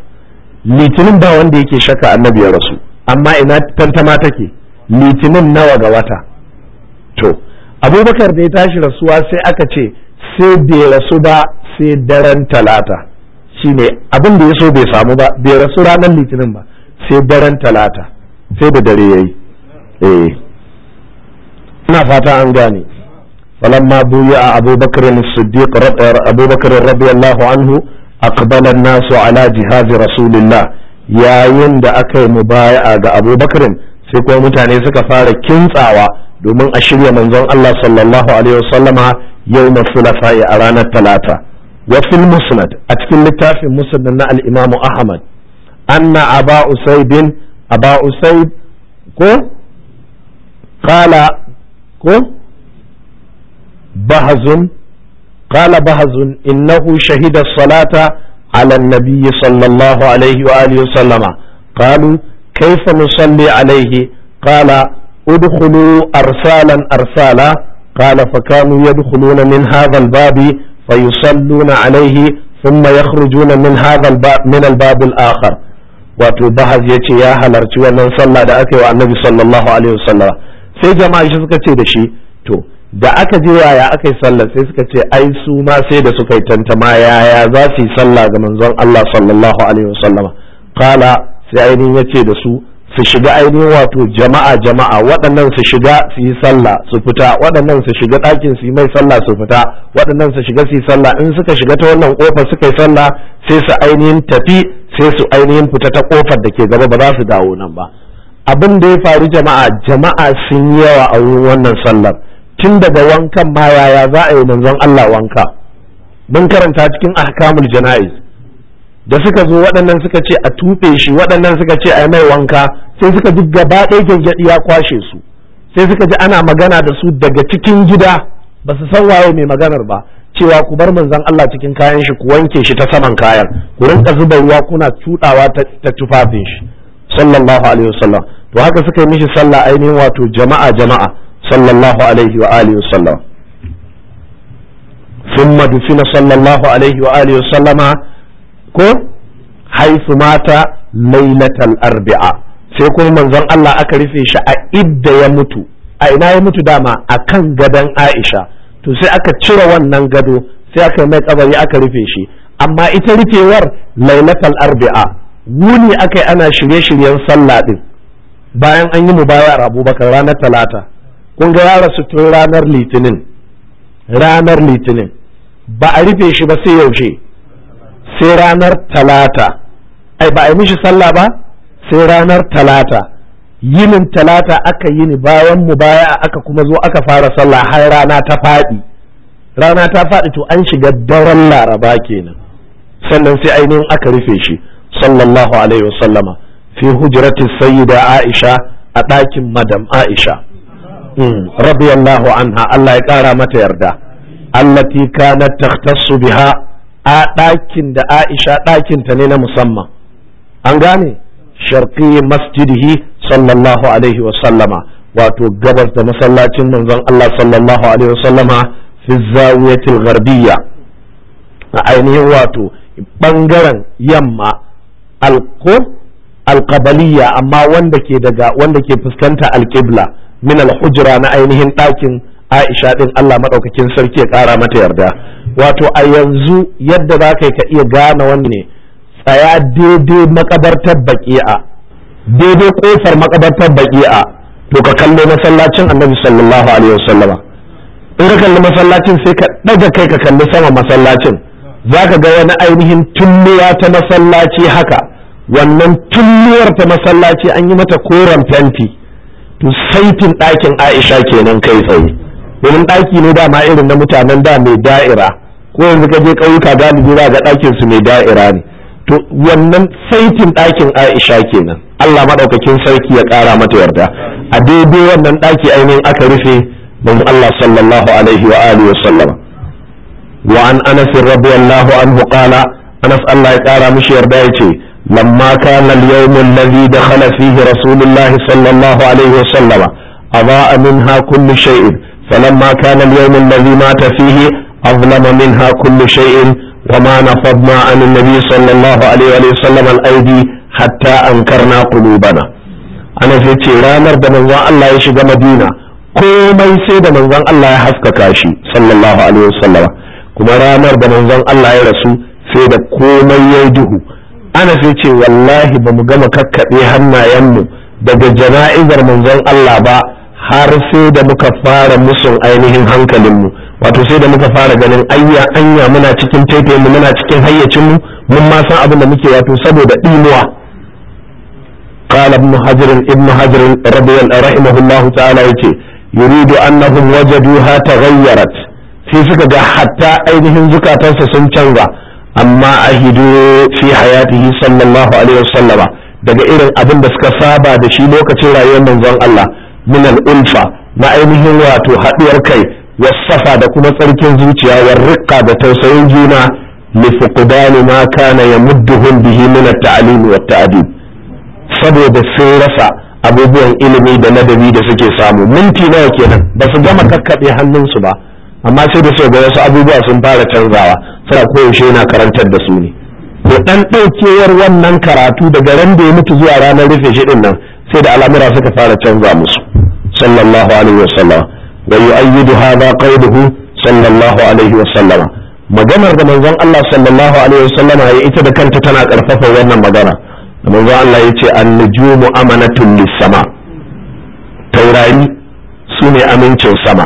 litinin ba wanda yake shakka annabi ya rasu amma ina tantama take litinin nawa ga wata to abubakar da ya tashi rasuwa sai aka ce sai bai rasu ba sai daren talata shine abin da ya so bai samu ba bai rasu ranar litinin ba sai daren talata sai da dare yayi eh ina fata an gane falamma buya abubakar as-siddiq abubakar radiyallahu anhu aqbala an-nasu ala jihadi rasulillah yayin da aka yi mubaya'a ga abubakar sai kuma mutane suka fara kintsawa domin a shirya manzon Allah sallallahu alaihi wasallama yau masulasa a ranar talata wa fil musnad a cikin littafin musnad na al ahmad anna aba usaidin aba usaid ko qala ko bahzun innahu shahida salata ala an-nabiy sallallahu alaihi wa alihi wa sallama qalu kayfa nusalli alaihi qala ادخلوا أرسالا أرسالا قال فكانوا يدخلون من هذا الباب فيصلون عليه ثم يخرجون من هذا الباب من الباب الآخر wato bahaz ya ce ya halarci wannan sallah da aka yi wa annabi sallallahu alaihi wasallam sai jama'a shi suka ce da shi to da aka je yaya aka yi sallah sai suka ce ai su ma sai da suka yi tantama yaya za su yi sallah ga manzon Allah sallallahu alaihi wasallam kala sai ainihin ya ce da su su shiga ainihin wato jama'a jama'a waɗannan su shiga su yi sallah su fita waɗannan su shiga ɗakin su yi mai sallah su fita waɗannan su shiga su yi sallah in suka shiga ta wannan kofa suka yi sallah sai su ainihin tafi sai su ainihin fita ta kofar da ke gaba ba za su dawo nan ba abin da ya faru jama'a jama'a sun yi yawa a wurin wannan sallar tun daga wankan ma yaya za a yi manzon Allah wanka mun karanta cikin ahkamul jana'iz da suka zo waɗannan suka ce a tuɓe shi waɗannan suka ce a yi mai wanka sai suka ji gaba ɗaya gyangyaɗi ya kwashe su sai suka ji ana magana da su daga cikin gida ba su san waye mai maganar ba cewa ku bar manzon Allah cikin kayan shi ku wanke shi ta saman kayan ku rinka zuba ruwa kuna tudawa ta tufafin shi sallallahu alaihi wasallam to haka suka yi mishi sallah ainihin wato jama'a jama'a sallallahu alaihi wa alihi wasallam ثم دفن صلى الله عليه وآله وسلم ko haifu mata lailatal arba'a sai kuma manzon Allah aka rufe shi a idda ya mutu a ina ya mutu dama a kan gadon Aisha to sai aka cire wannan gado sai aka yi mai kabari aka rufe shi amma ita rufewar lailatul arbi'a wuni akai ana shirye-shiryen sallah din bayan an yi mubayar abubakar ranar talata kun ga ya rasu tun ranar litinin ranar litinin ba a rufe shi ba sai yaushe sai ranar talata ai ba a yi mishi sallah ba sai ranar talata yinin talata aka yi ni bayan mu baya aka kuma zo aka fara sallah har rana ta faɗi rana ta faɗi to an shiga daren laraba kenan sannan sai ainihin aka rufe shi sallallahu alaihi wasallama fi hujrati sayyida aisha a ɗakin madam aisha hmm, radiyallahu anha Allah ya ƙara mata yarda allati kanat takhtassu biha a ɗakin da aisha ɗakinta ne na musamman an gane sharqi masjidihi sallallahu alaihi wa sallama wato gabas da masallacin manzon Allah sallallahu alaihi wa sallama fi zawiyatil a ainihin wato bangaren yamma alqur alqabaliya amma wanda ke daga wanda ke fuskanta alqibla min alhujra na ainihin ɗakin Aisha din Allah madaukakin sarki ya ƙara mata yarda wato a yanzu yadda za ka iya gane ne tsaya daidai makabartar baki'a daidai kofar makabartar baki'a to ka kallo masallacin annabi sallallahu alaihi wasallama in ka kalli masallacin sai ka daga kai ka kalli sama masallacin za ka ga wani ainihin tulluwa ta masallaci haka wannan tulluwar ta masallaci an yi mata koren fenti to saitin ɗakin aisha kenan kai tsaye domin ɗaki ne dama irin na mutanen da mai da'ira ko yanzu ka je ƙauyuka galibi za ga ɗakin su mai da'ira ne to wannan saitin ɗakin aisha kenan allah maɗaukakin sarki ya ƙara mata yarda a daidai wannan ɗaki ainihin aka rufe don allah sallallahu alaihi wa alihi wasallama wa an anas radiyallahu anhu qala anas allah ya ƙara mishi yarda ya ce. lamma kana al-yawm alladhi dakhala fihi rasulullah sallallahu alaihi wasallama adaa minha kullu shay'in فلما كان اليوم الذي مات فيه أظلم منها كل شيء وما نفضنا عن النبي صلى الله عليه وسلم الأيدي حتى أنكرنا ranar da في تيرانر بمنزع الله يشد مدينة komai sai da manzon Allah ya haskaka shi sallallahu alaihi wasallam kuma ranar da manzon Allah ya rasu sai da komai ya duhu ana sai wallahi ba mu gama kakkaɓe hannayen hannayenmu daga jana'izar manzon Allah ba har sai da muka fara musun ainihin hankalinmu wato sai da muka fara ganin anya anya muna cikin tefe mu muna cikin hayyacin mu mun ma san abin da muke wato saboda dimuwa قال ابن حجر ابن حجر رضي رحمه الله تعالى يتي يريد أنهم وجدوها تغيرت في سكة حتى أينهم زكاة سنشنغا أما أهدو في حياته صلى الله عليه وسلم daga irin abin da suka saba da shi lokacin rayuwar manzon Allah min ulfa ma ainihin wato haɗuwar kai wasafa da kuma tsarkin zuciya warriqa da tausayin juna li fuqdani ma kana yamudduhum bihi min at-ta'lim wa tadib saboda sun rasa abubuwan ilimi da ladabi da suke samu minti nawa kenan ba su gama kakkabe hannunsu ba amma sai da suka ga wasu abubuwa sun fara canzawa suna koyaushe yana karantar da su ne to dan daukewar wannan karatu daga ran da ya mutu zuwa ranar rufe shi dinnan sai da al'amura suka fara canza musu sallallahu alaihi wasallam ويؤيد هذا قوله صلى الله عليه وسلم maganar da manzon Allah sallallahu alaihi wasallam ya ita da kanta tana karfafa wannan magana da manzon Allah ya ce an-nujumu amanatun lis-sama taurari su ne amincin sama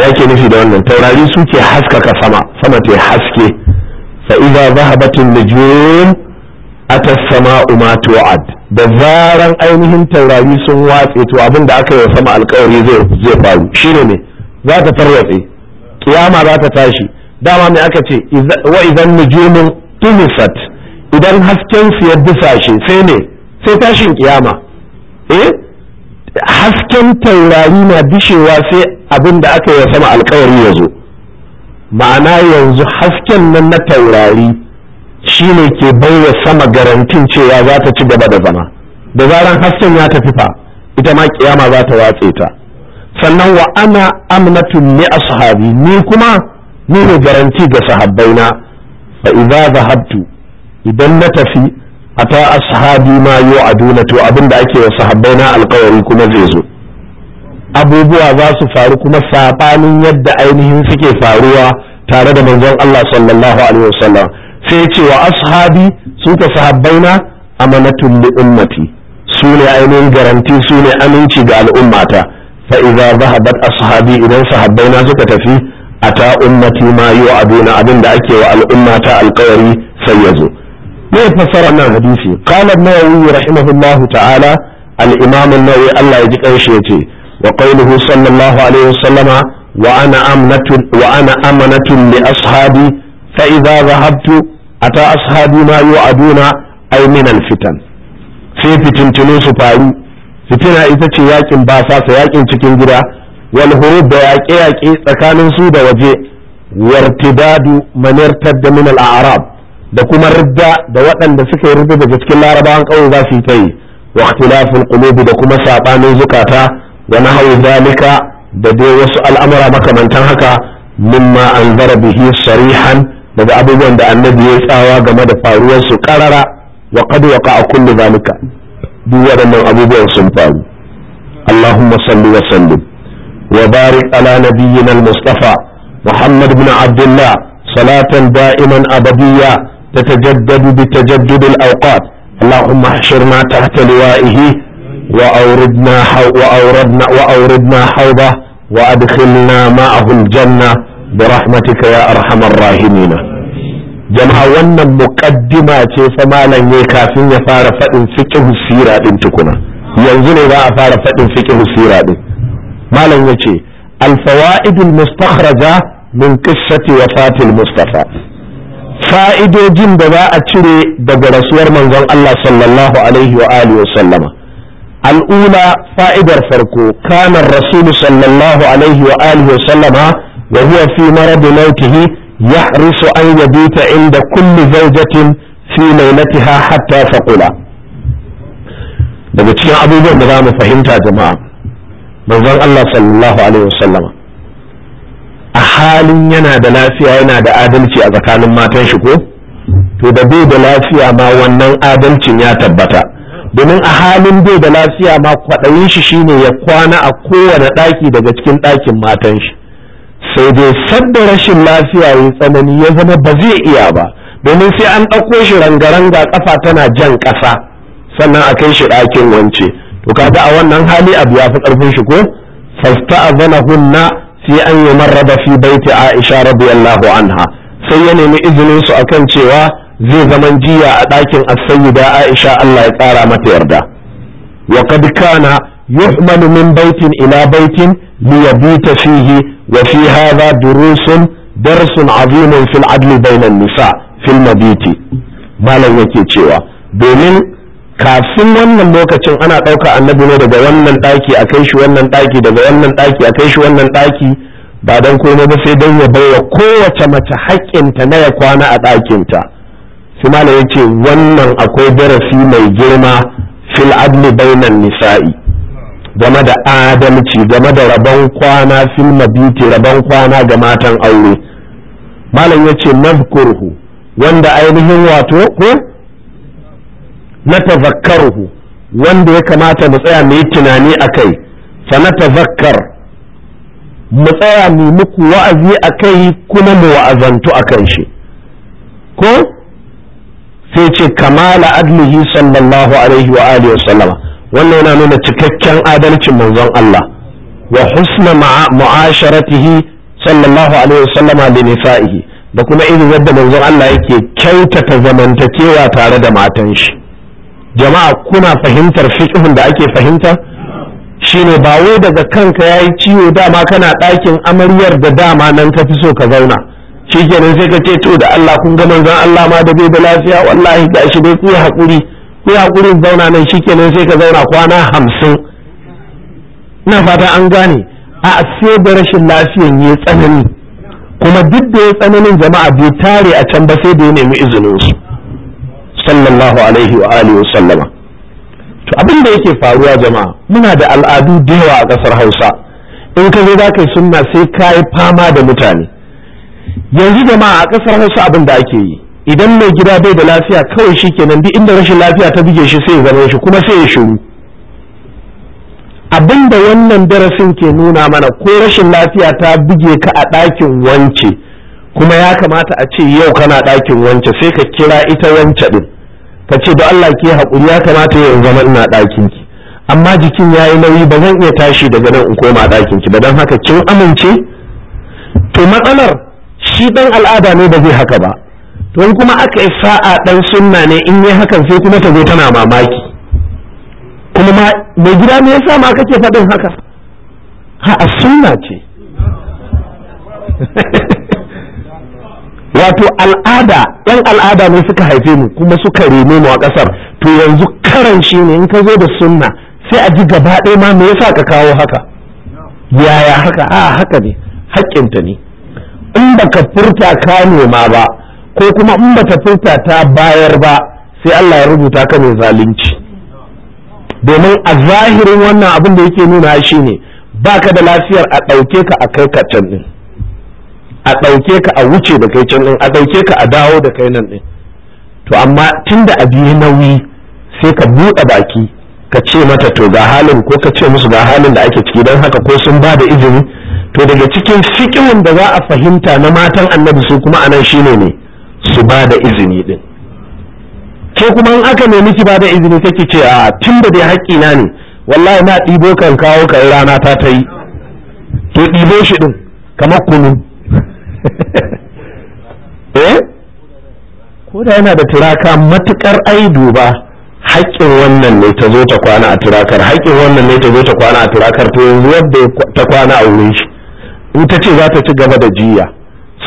da yake nufi da wannan taurari suke haskaka sama sama ta haske fa idza dhahabatun nujum ata sama ma tu'ad da zaran ainihin taurari sun watse to abin da aka yi wa sama alkawari zai zai faru shine ne za ta tarwatse kiyama za ta tashi dama me aka ce wa idan nujumun tumisat idan hasken su ya dusashe sai ne sai tashin kiyama eh hasken taurari na dishewa sai abin da aka yi wa sama alkawari ya zo ma'ana yanzu hasken nan na taurari Shi ne ke baiwa sama garantin cewa za ta ci gaba da zama da zaran hasken ya tafi fa ita ma kiyama za ta watse ta sannan wa ana amnatun ni ashabi ni kuma ni ne garanti ga sahabbaina fa idza zahabtu idan na tafi ata ashabi ma yu'aduna to abinda ake wa sahabbaina alkawari kuma zai zo abubuwa za su faru kuma sabanin yadda ainihin suke faruwa tare da manzon Allah sallallahu alaihi wasallam sai ce wa ashabi su ka sahabbaina amanatun li ummati su ne ainihin garanti su ne aminci ga al'ummata fa idza zahabat ashabi idan sahabbaina suka tafi ata ummati ma yu'aduna abin da ake wa al'ummata alƙawari sai yazo me fassara nan hadisi qala an-nawawi rahimahullahu ta'ala al-imam an-nawawi Allah ya ji kanshi yace wa qawluhu sallallahu alaihi wasallama wa ana amanatun wa ana amanatun li ashabi fa idza zahabtu ata ashabi ma yu'aduna aduna min fitan sai fitintunu su faru fitina ita ce yakin basasa yakin cikin gida wal hurub da yaƙe yaƙe tsakanin su da waje wartidadu manirtar da min a a'rab da kuma ridda da waɗanda suka yi ridda daga cikin larabawan ƙauye za su yi ta yi wa ikhtilaful qulubi da kuma sabanin zukata wa nahawu zalika da dai wasu al'amura makamantan haka mimma anzara bihi sarihan daga abubuwan da annabi ya tsawa game da faruwar su karara wa qad waqa kullu zalika duk waɗannan abubuwan sun faru اللهم صل وسلم وبارك على نبينا المصطفى محمد بن عبد الله صلاة دائما أبدية تتجدد بتجدد الأوقات اللهم احشرنا تحت لوائه وأوردنا حو وأوردنا وأوردنا حوضه وأدخلنا معه الجنة برحمتك يا أرحم الراحمين جماعة wannan muqaddima ce fa malam yayi kafin ya fara faɗin fiqh sira din tukuna yanzu ne za a fara faɗin fiqh sira din malam yace al fawaid al mustakhraja min qissati wafat al mustafa da za a cire daga rasuwar manzon Allah sallallahu alaihi wa wa sallama al'ula fa'idar farko kanar rasul sallallahu alaihi wa sallama wa huwa fi marad mautihi yahrisu an yabita inda kulli zawjatin fi lailatiha hatta faqula daga cikin abubuwan da za mu fahimta jama'a manzon Allah sallallahu alaihi a halin yana da lafiya yana da adalci a tsakanin matan shi ko to da bai da lafiya ma wannan adalcin ya tabbata domin a halin bai da lafiya ma kwaɗayin shi shine ya kwana a kowane ɗaki daga cikin ɗakin matan shi sai dai sadda rashin lafiya ya tsanani ya zama ba zai iya ba domin sai an ɗauko shi rangaranga kafa tana jan ƙasa sannan a kai shi ɗakin wance to kaga a wannan hali abu ya fi ƙarfin shi ko hunna sai an yi marraba fi baiti Aisha radiyallahu anha sai ya nemi izinin su akan cewa zai zaman jiya a ɗakin as-sayyida Aisha Allah ya tsara mata yarda wa kad kana yuhmalu min baitin ila baitin liyabita fihi وفي هذا دروس durusun darsun في العدل بين bainan nisa المبيت مالن malam yake cewa domin kafin wannan lokacin ana ɗauka annabi ne daga wannan ɗaki a kai shi wannan ɗaki daga wannan ɗaki a kai shi wannan ɗaki ba dan komai ba sai don ya baiwa kowace mace haƙƙinta na ya kwana a ɗakinta sai malam yace wannan akwai darasi mai girma fil adli bainan nisa'i game da adalci game da rabon kwana fil mabiti rabon kwana ga matan aure malam ya ce mazkurhu wanda ainihin wato ko na wanda ya kamata mu tsaya mu yi tunani a kai fa na tazakkar mu tsaya mu muku wa'azi a kai kuma mu wa'azantu a kan shi ko sai ce kamala adlihi sallallahu alaihi wa alihi wa wannan yana nuna cikakken adalcin manzon Allah wa husna mu'asharatihi sallallahu alaihi wasallama li nisa'ihi da kuma irin yadda manzon Allah yake kyautata zamantakewa tare da matan shi jama'a kuna fahimtar fiqhin da ake fahimta shine ba wai daga kanka yayi ciwo dama kana ɗakin amaryar da dama nan ka fi so ka zauna shikenan sai ka ce to da Allah kun ga manzon Allah ma da bai da lafiya wallahi gashi dai ku hakuri ya gurin zauna nan shikenan sai ka zauna kwana hamsin ina fata an gane a sai da rashin lafiyan ya tsanani kuma duk da ya tsananin jama'a bai tare a can ba sai da ya nemi izinin su sallallahu alaihi wa alihi wa sallama to abin da yake faruwa jama'a muna da al'adu da yawa a ƙasar Hausa in ka zo zaka yi sunna sai ka fama da mutane yanzu jama'a a ƙasar Hausa abin da ake yi idan mai gida bai da lafiya kawai shi kenan duk inda rashin lafiya ta buge shi sai ya zama shi kuma sai ya shiru abin da wannan darasin ke nuna mana ko rashin lafiya ta buge ka a ɗakin wance kuma ya kamata a ce yau kana ɗakin wance sai ka kira ita wance ɗin ka ce da Allah ke haƙuri ya kamata yau zama ina ɗakin ki amma jikin ya yi nauyi ba zan iya tashi daga nan in koma ɗakin ki ba don haka kin amince to matsalar shi ɗan al'ada ne ba zai haka ba to kuma aka yi sa'a dan sunna ne in yi hakan sai kuma ta zo tana mamaki kuma ma mai gida me yasa ma kake faɗin haka ha a sunna ce *laughs* wato al'ada yan al'ada ne suka haife mu kuma suka reme mu a ƙasar to yanzu karan shi ne in ka zo da sunna sai a ji gaba ɗaya ma me yasa ka kawo haka yaya haka a haka ne haƙƙinta ne in baka furta ka nema ba ko kuma in bata furta ta bayar ba sai Allah ya rubuta ka mai zalunci domin a zahirin wannan abin da yake nuna shi ne baka da lafiyar a ɗauke ka a kai ka can ɗin a ɗauke ka a wuce da kai can ɗin a ɗauke ka a dawo da kai nan ɗin to amma tunda a ya nauyi sai ka buɗe baki ka ce mata to ga halin ko ka ce musu ga halin da ake ciki don haka ko sun ba da izini to daga cikin fikirin da za a fahimta na matan annabi su kuma anan shine ne su ba da izini din ke kuma in aka nemi ki ba da izini kake ki ce a tun da dai haƙƙi na ne wallahi na ɗibo kan kawo kan rana ta ta yi to ɗibo shi ɗin kamar kunu *laughs* eh ko da yana da turaka matuƙar ai ba haƙƙin wannan ne ta zo ta kwana a turakar haƙƙin wannan ne ta zo ta kwana a turakar to yanzu yadda ta kwana a wurin shi in ta ce za ta ci gaba da jiya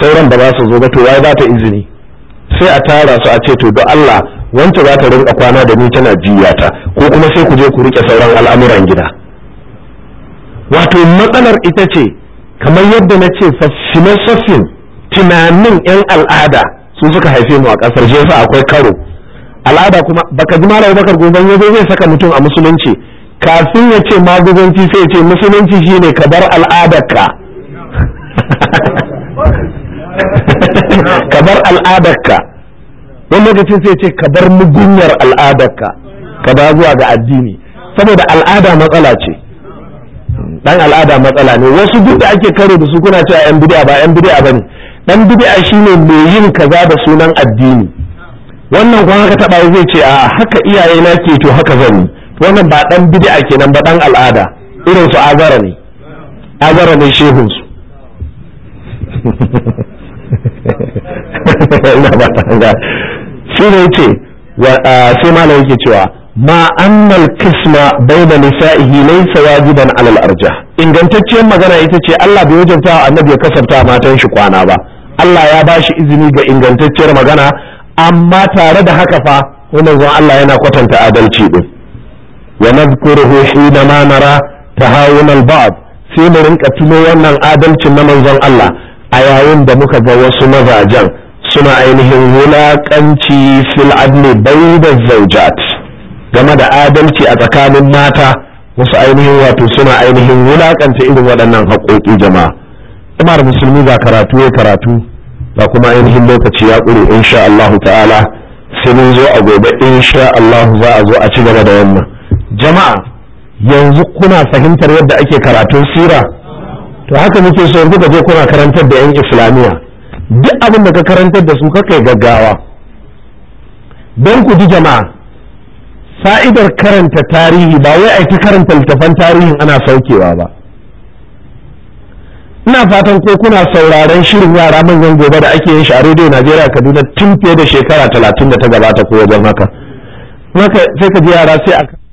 sauran ba za su zo ba to wai za ta izini sai a tara su a ce to da Allah wanda za ta rinka kwana da ni tana jiyata ko kuma sai ku je ku rike sauran al'amuran gida wato matsalar ita ce kamar yadda na ce filosofin tunanin 'yan al'ada su suka haife mu a kasar jefa akwai karo al'ada kuma baka ji malamu bakar goban yazo zai saka mutum a musulunci kafin ya ce maguzanci sai ya ce musulunci shine ka bar al'adar ka. *laughs* *laughs* kabar al'adarka wani lokacin sai ce kabar mugunyar al'adarka ka ba zuwa ga addini saboda al'ada matsala ce dan al'ada matsala ne wasu duk da ake karo da su kuna cewa yan bid'a ba yan bid'a bane dan bid'a shine mai yin kaza da sunan addini wannan kuma haka taba zai ce a haka iyaye na ke to haka zan yi wannan ba dan bid'a kenan ba dan al'ada irin su azara ne azara ne shehun su *laughs* ina ba ta hanga shi ne ce sai malam yake cewa ma annal kisma baina nisa'ihi laysa wajiban alal arja ingantacciyar magana ita ce Allah bai wajabta annabi ya kasafta matan shi kwana ba Allah ya ba shi izini ga ingantacciyar magana amma tare da haka fa wannan zuwa Allah yana kwatanta adalci din wa nadhkuruhu hina ma nara tahawun al-ba'd sai mu rinka tuno wannan adalcin na manzon Allah a yayin da muka ga wasu mazajen suna ainihin wulaƙanci fil adli bai da zaujat game da adalci a tsakanin mata wasu ainihin wato suna ainihin wulaƙanta irin waɗannan haƙoƙi jama'a imar musulmi ga karatu ya karatu ba kuma ainihin lokaci ya ƙure insha Allah ta'ala sai mun zo a gobe insha Allah, za a zo a ci gaba da wannan jama'a yanzu kuna fahimtar yadda ake karatun sira to haka muke so ka je kuna karantar da yan islamiya duk abin da ka karantar da su kai gaggawa don ku ji jama'a fa'idar karanta tarihi ba wai aiki karanta littafan tarihin ana saukewa ba ina fatan ko kuna sauraren shirin yara manyan gobe da ake yin shi a rediyo najeriya kaduna tun fiye da shekara talatin da ta gabata ko wajen haka sai ka ji yara sai a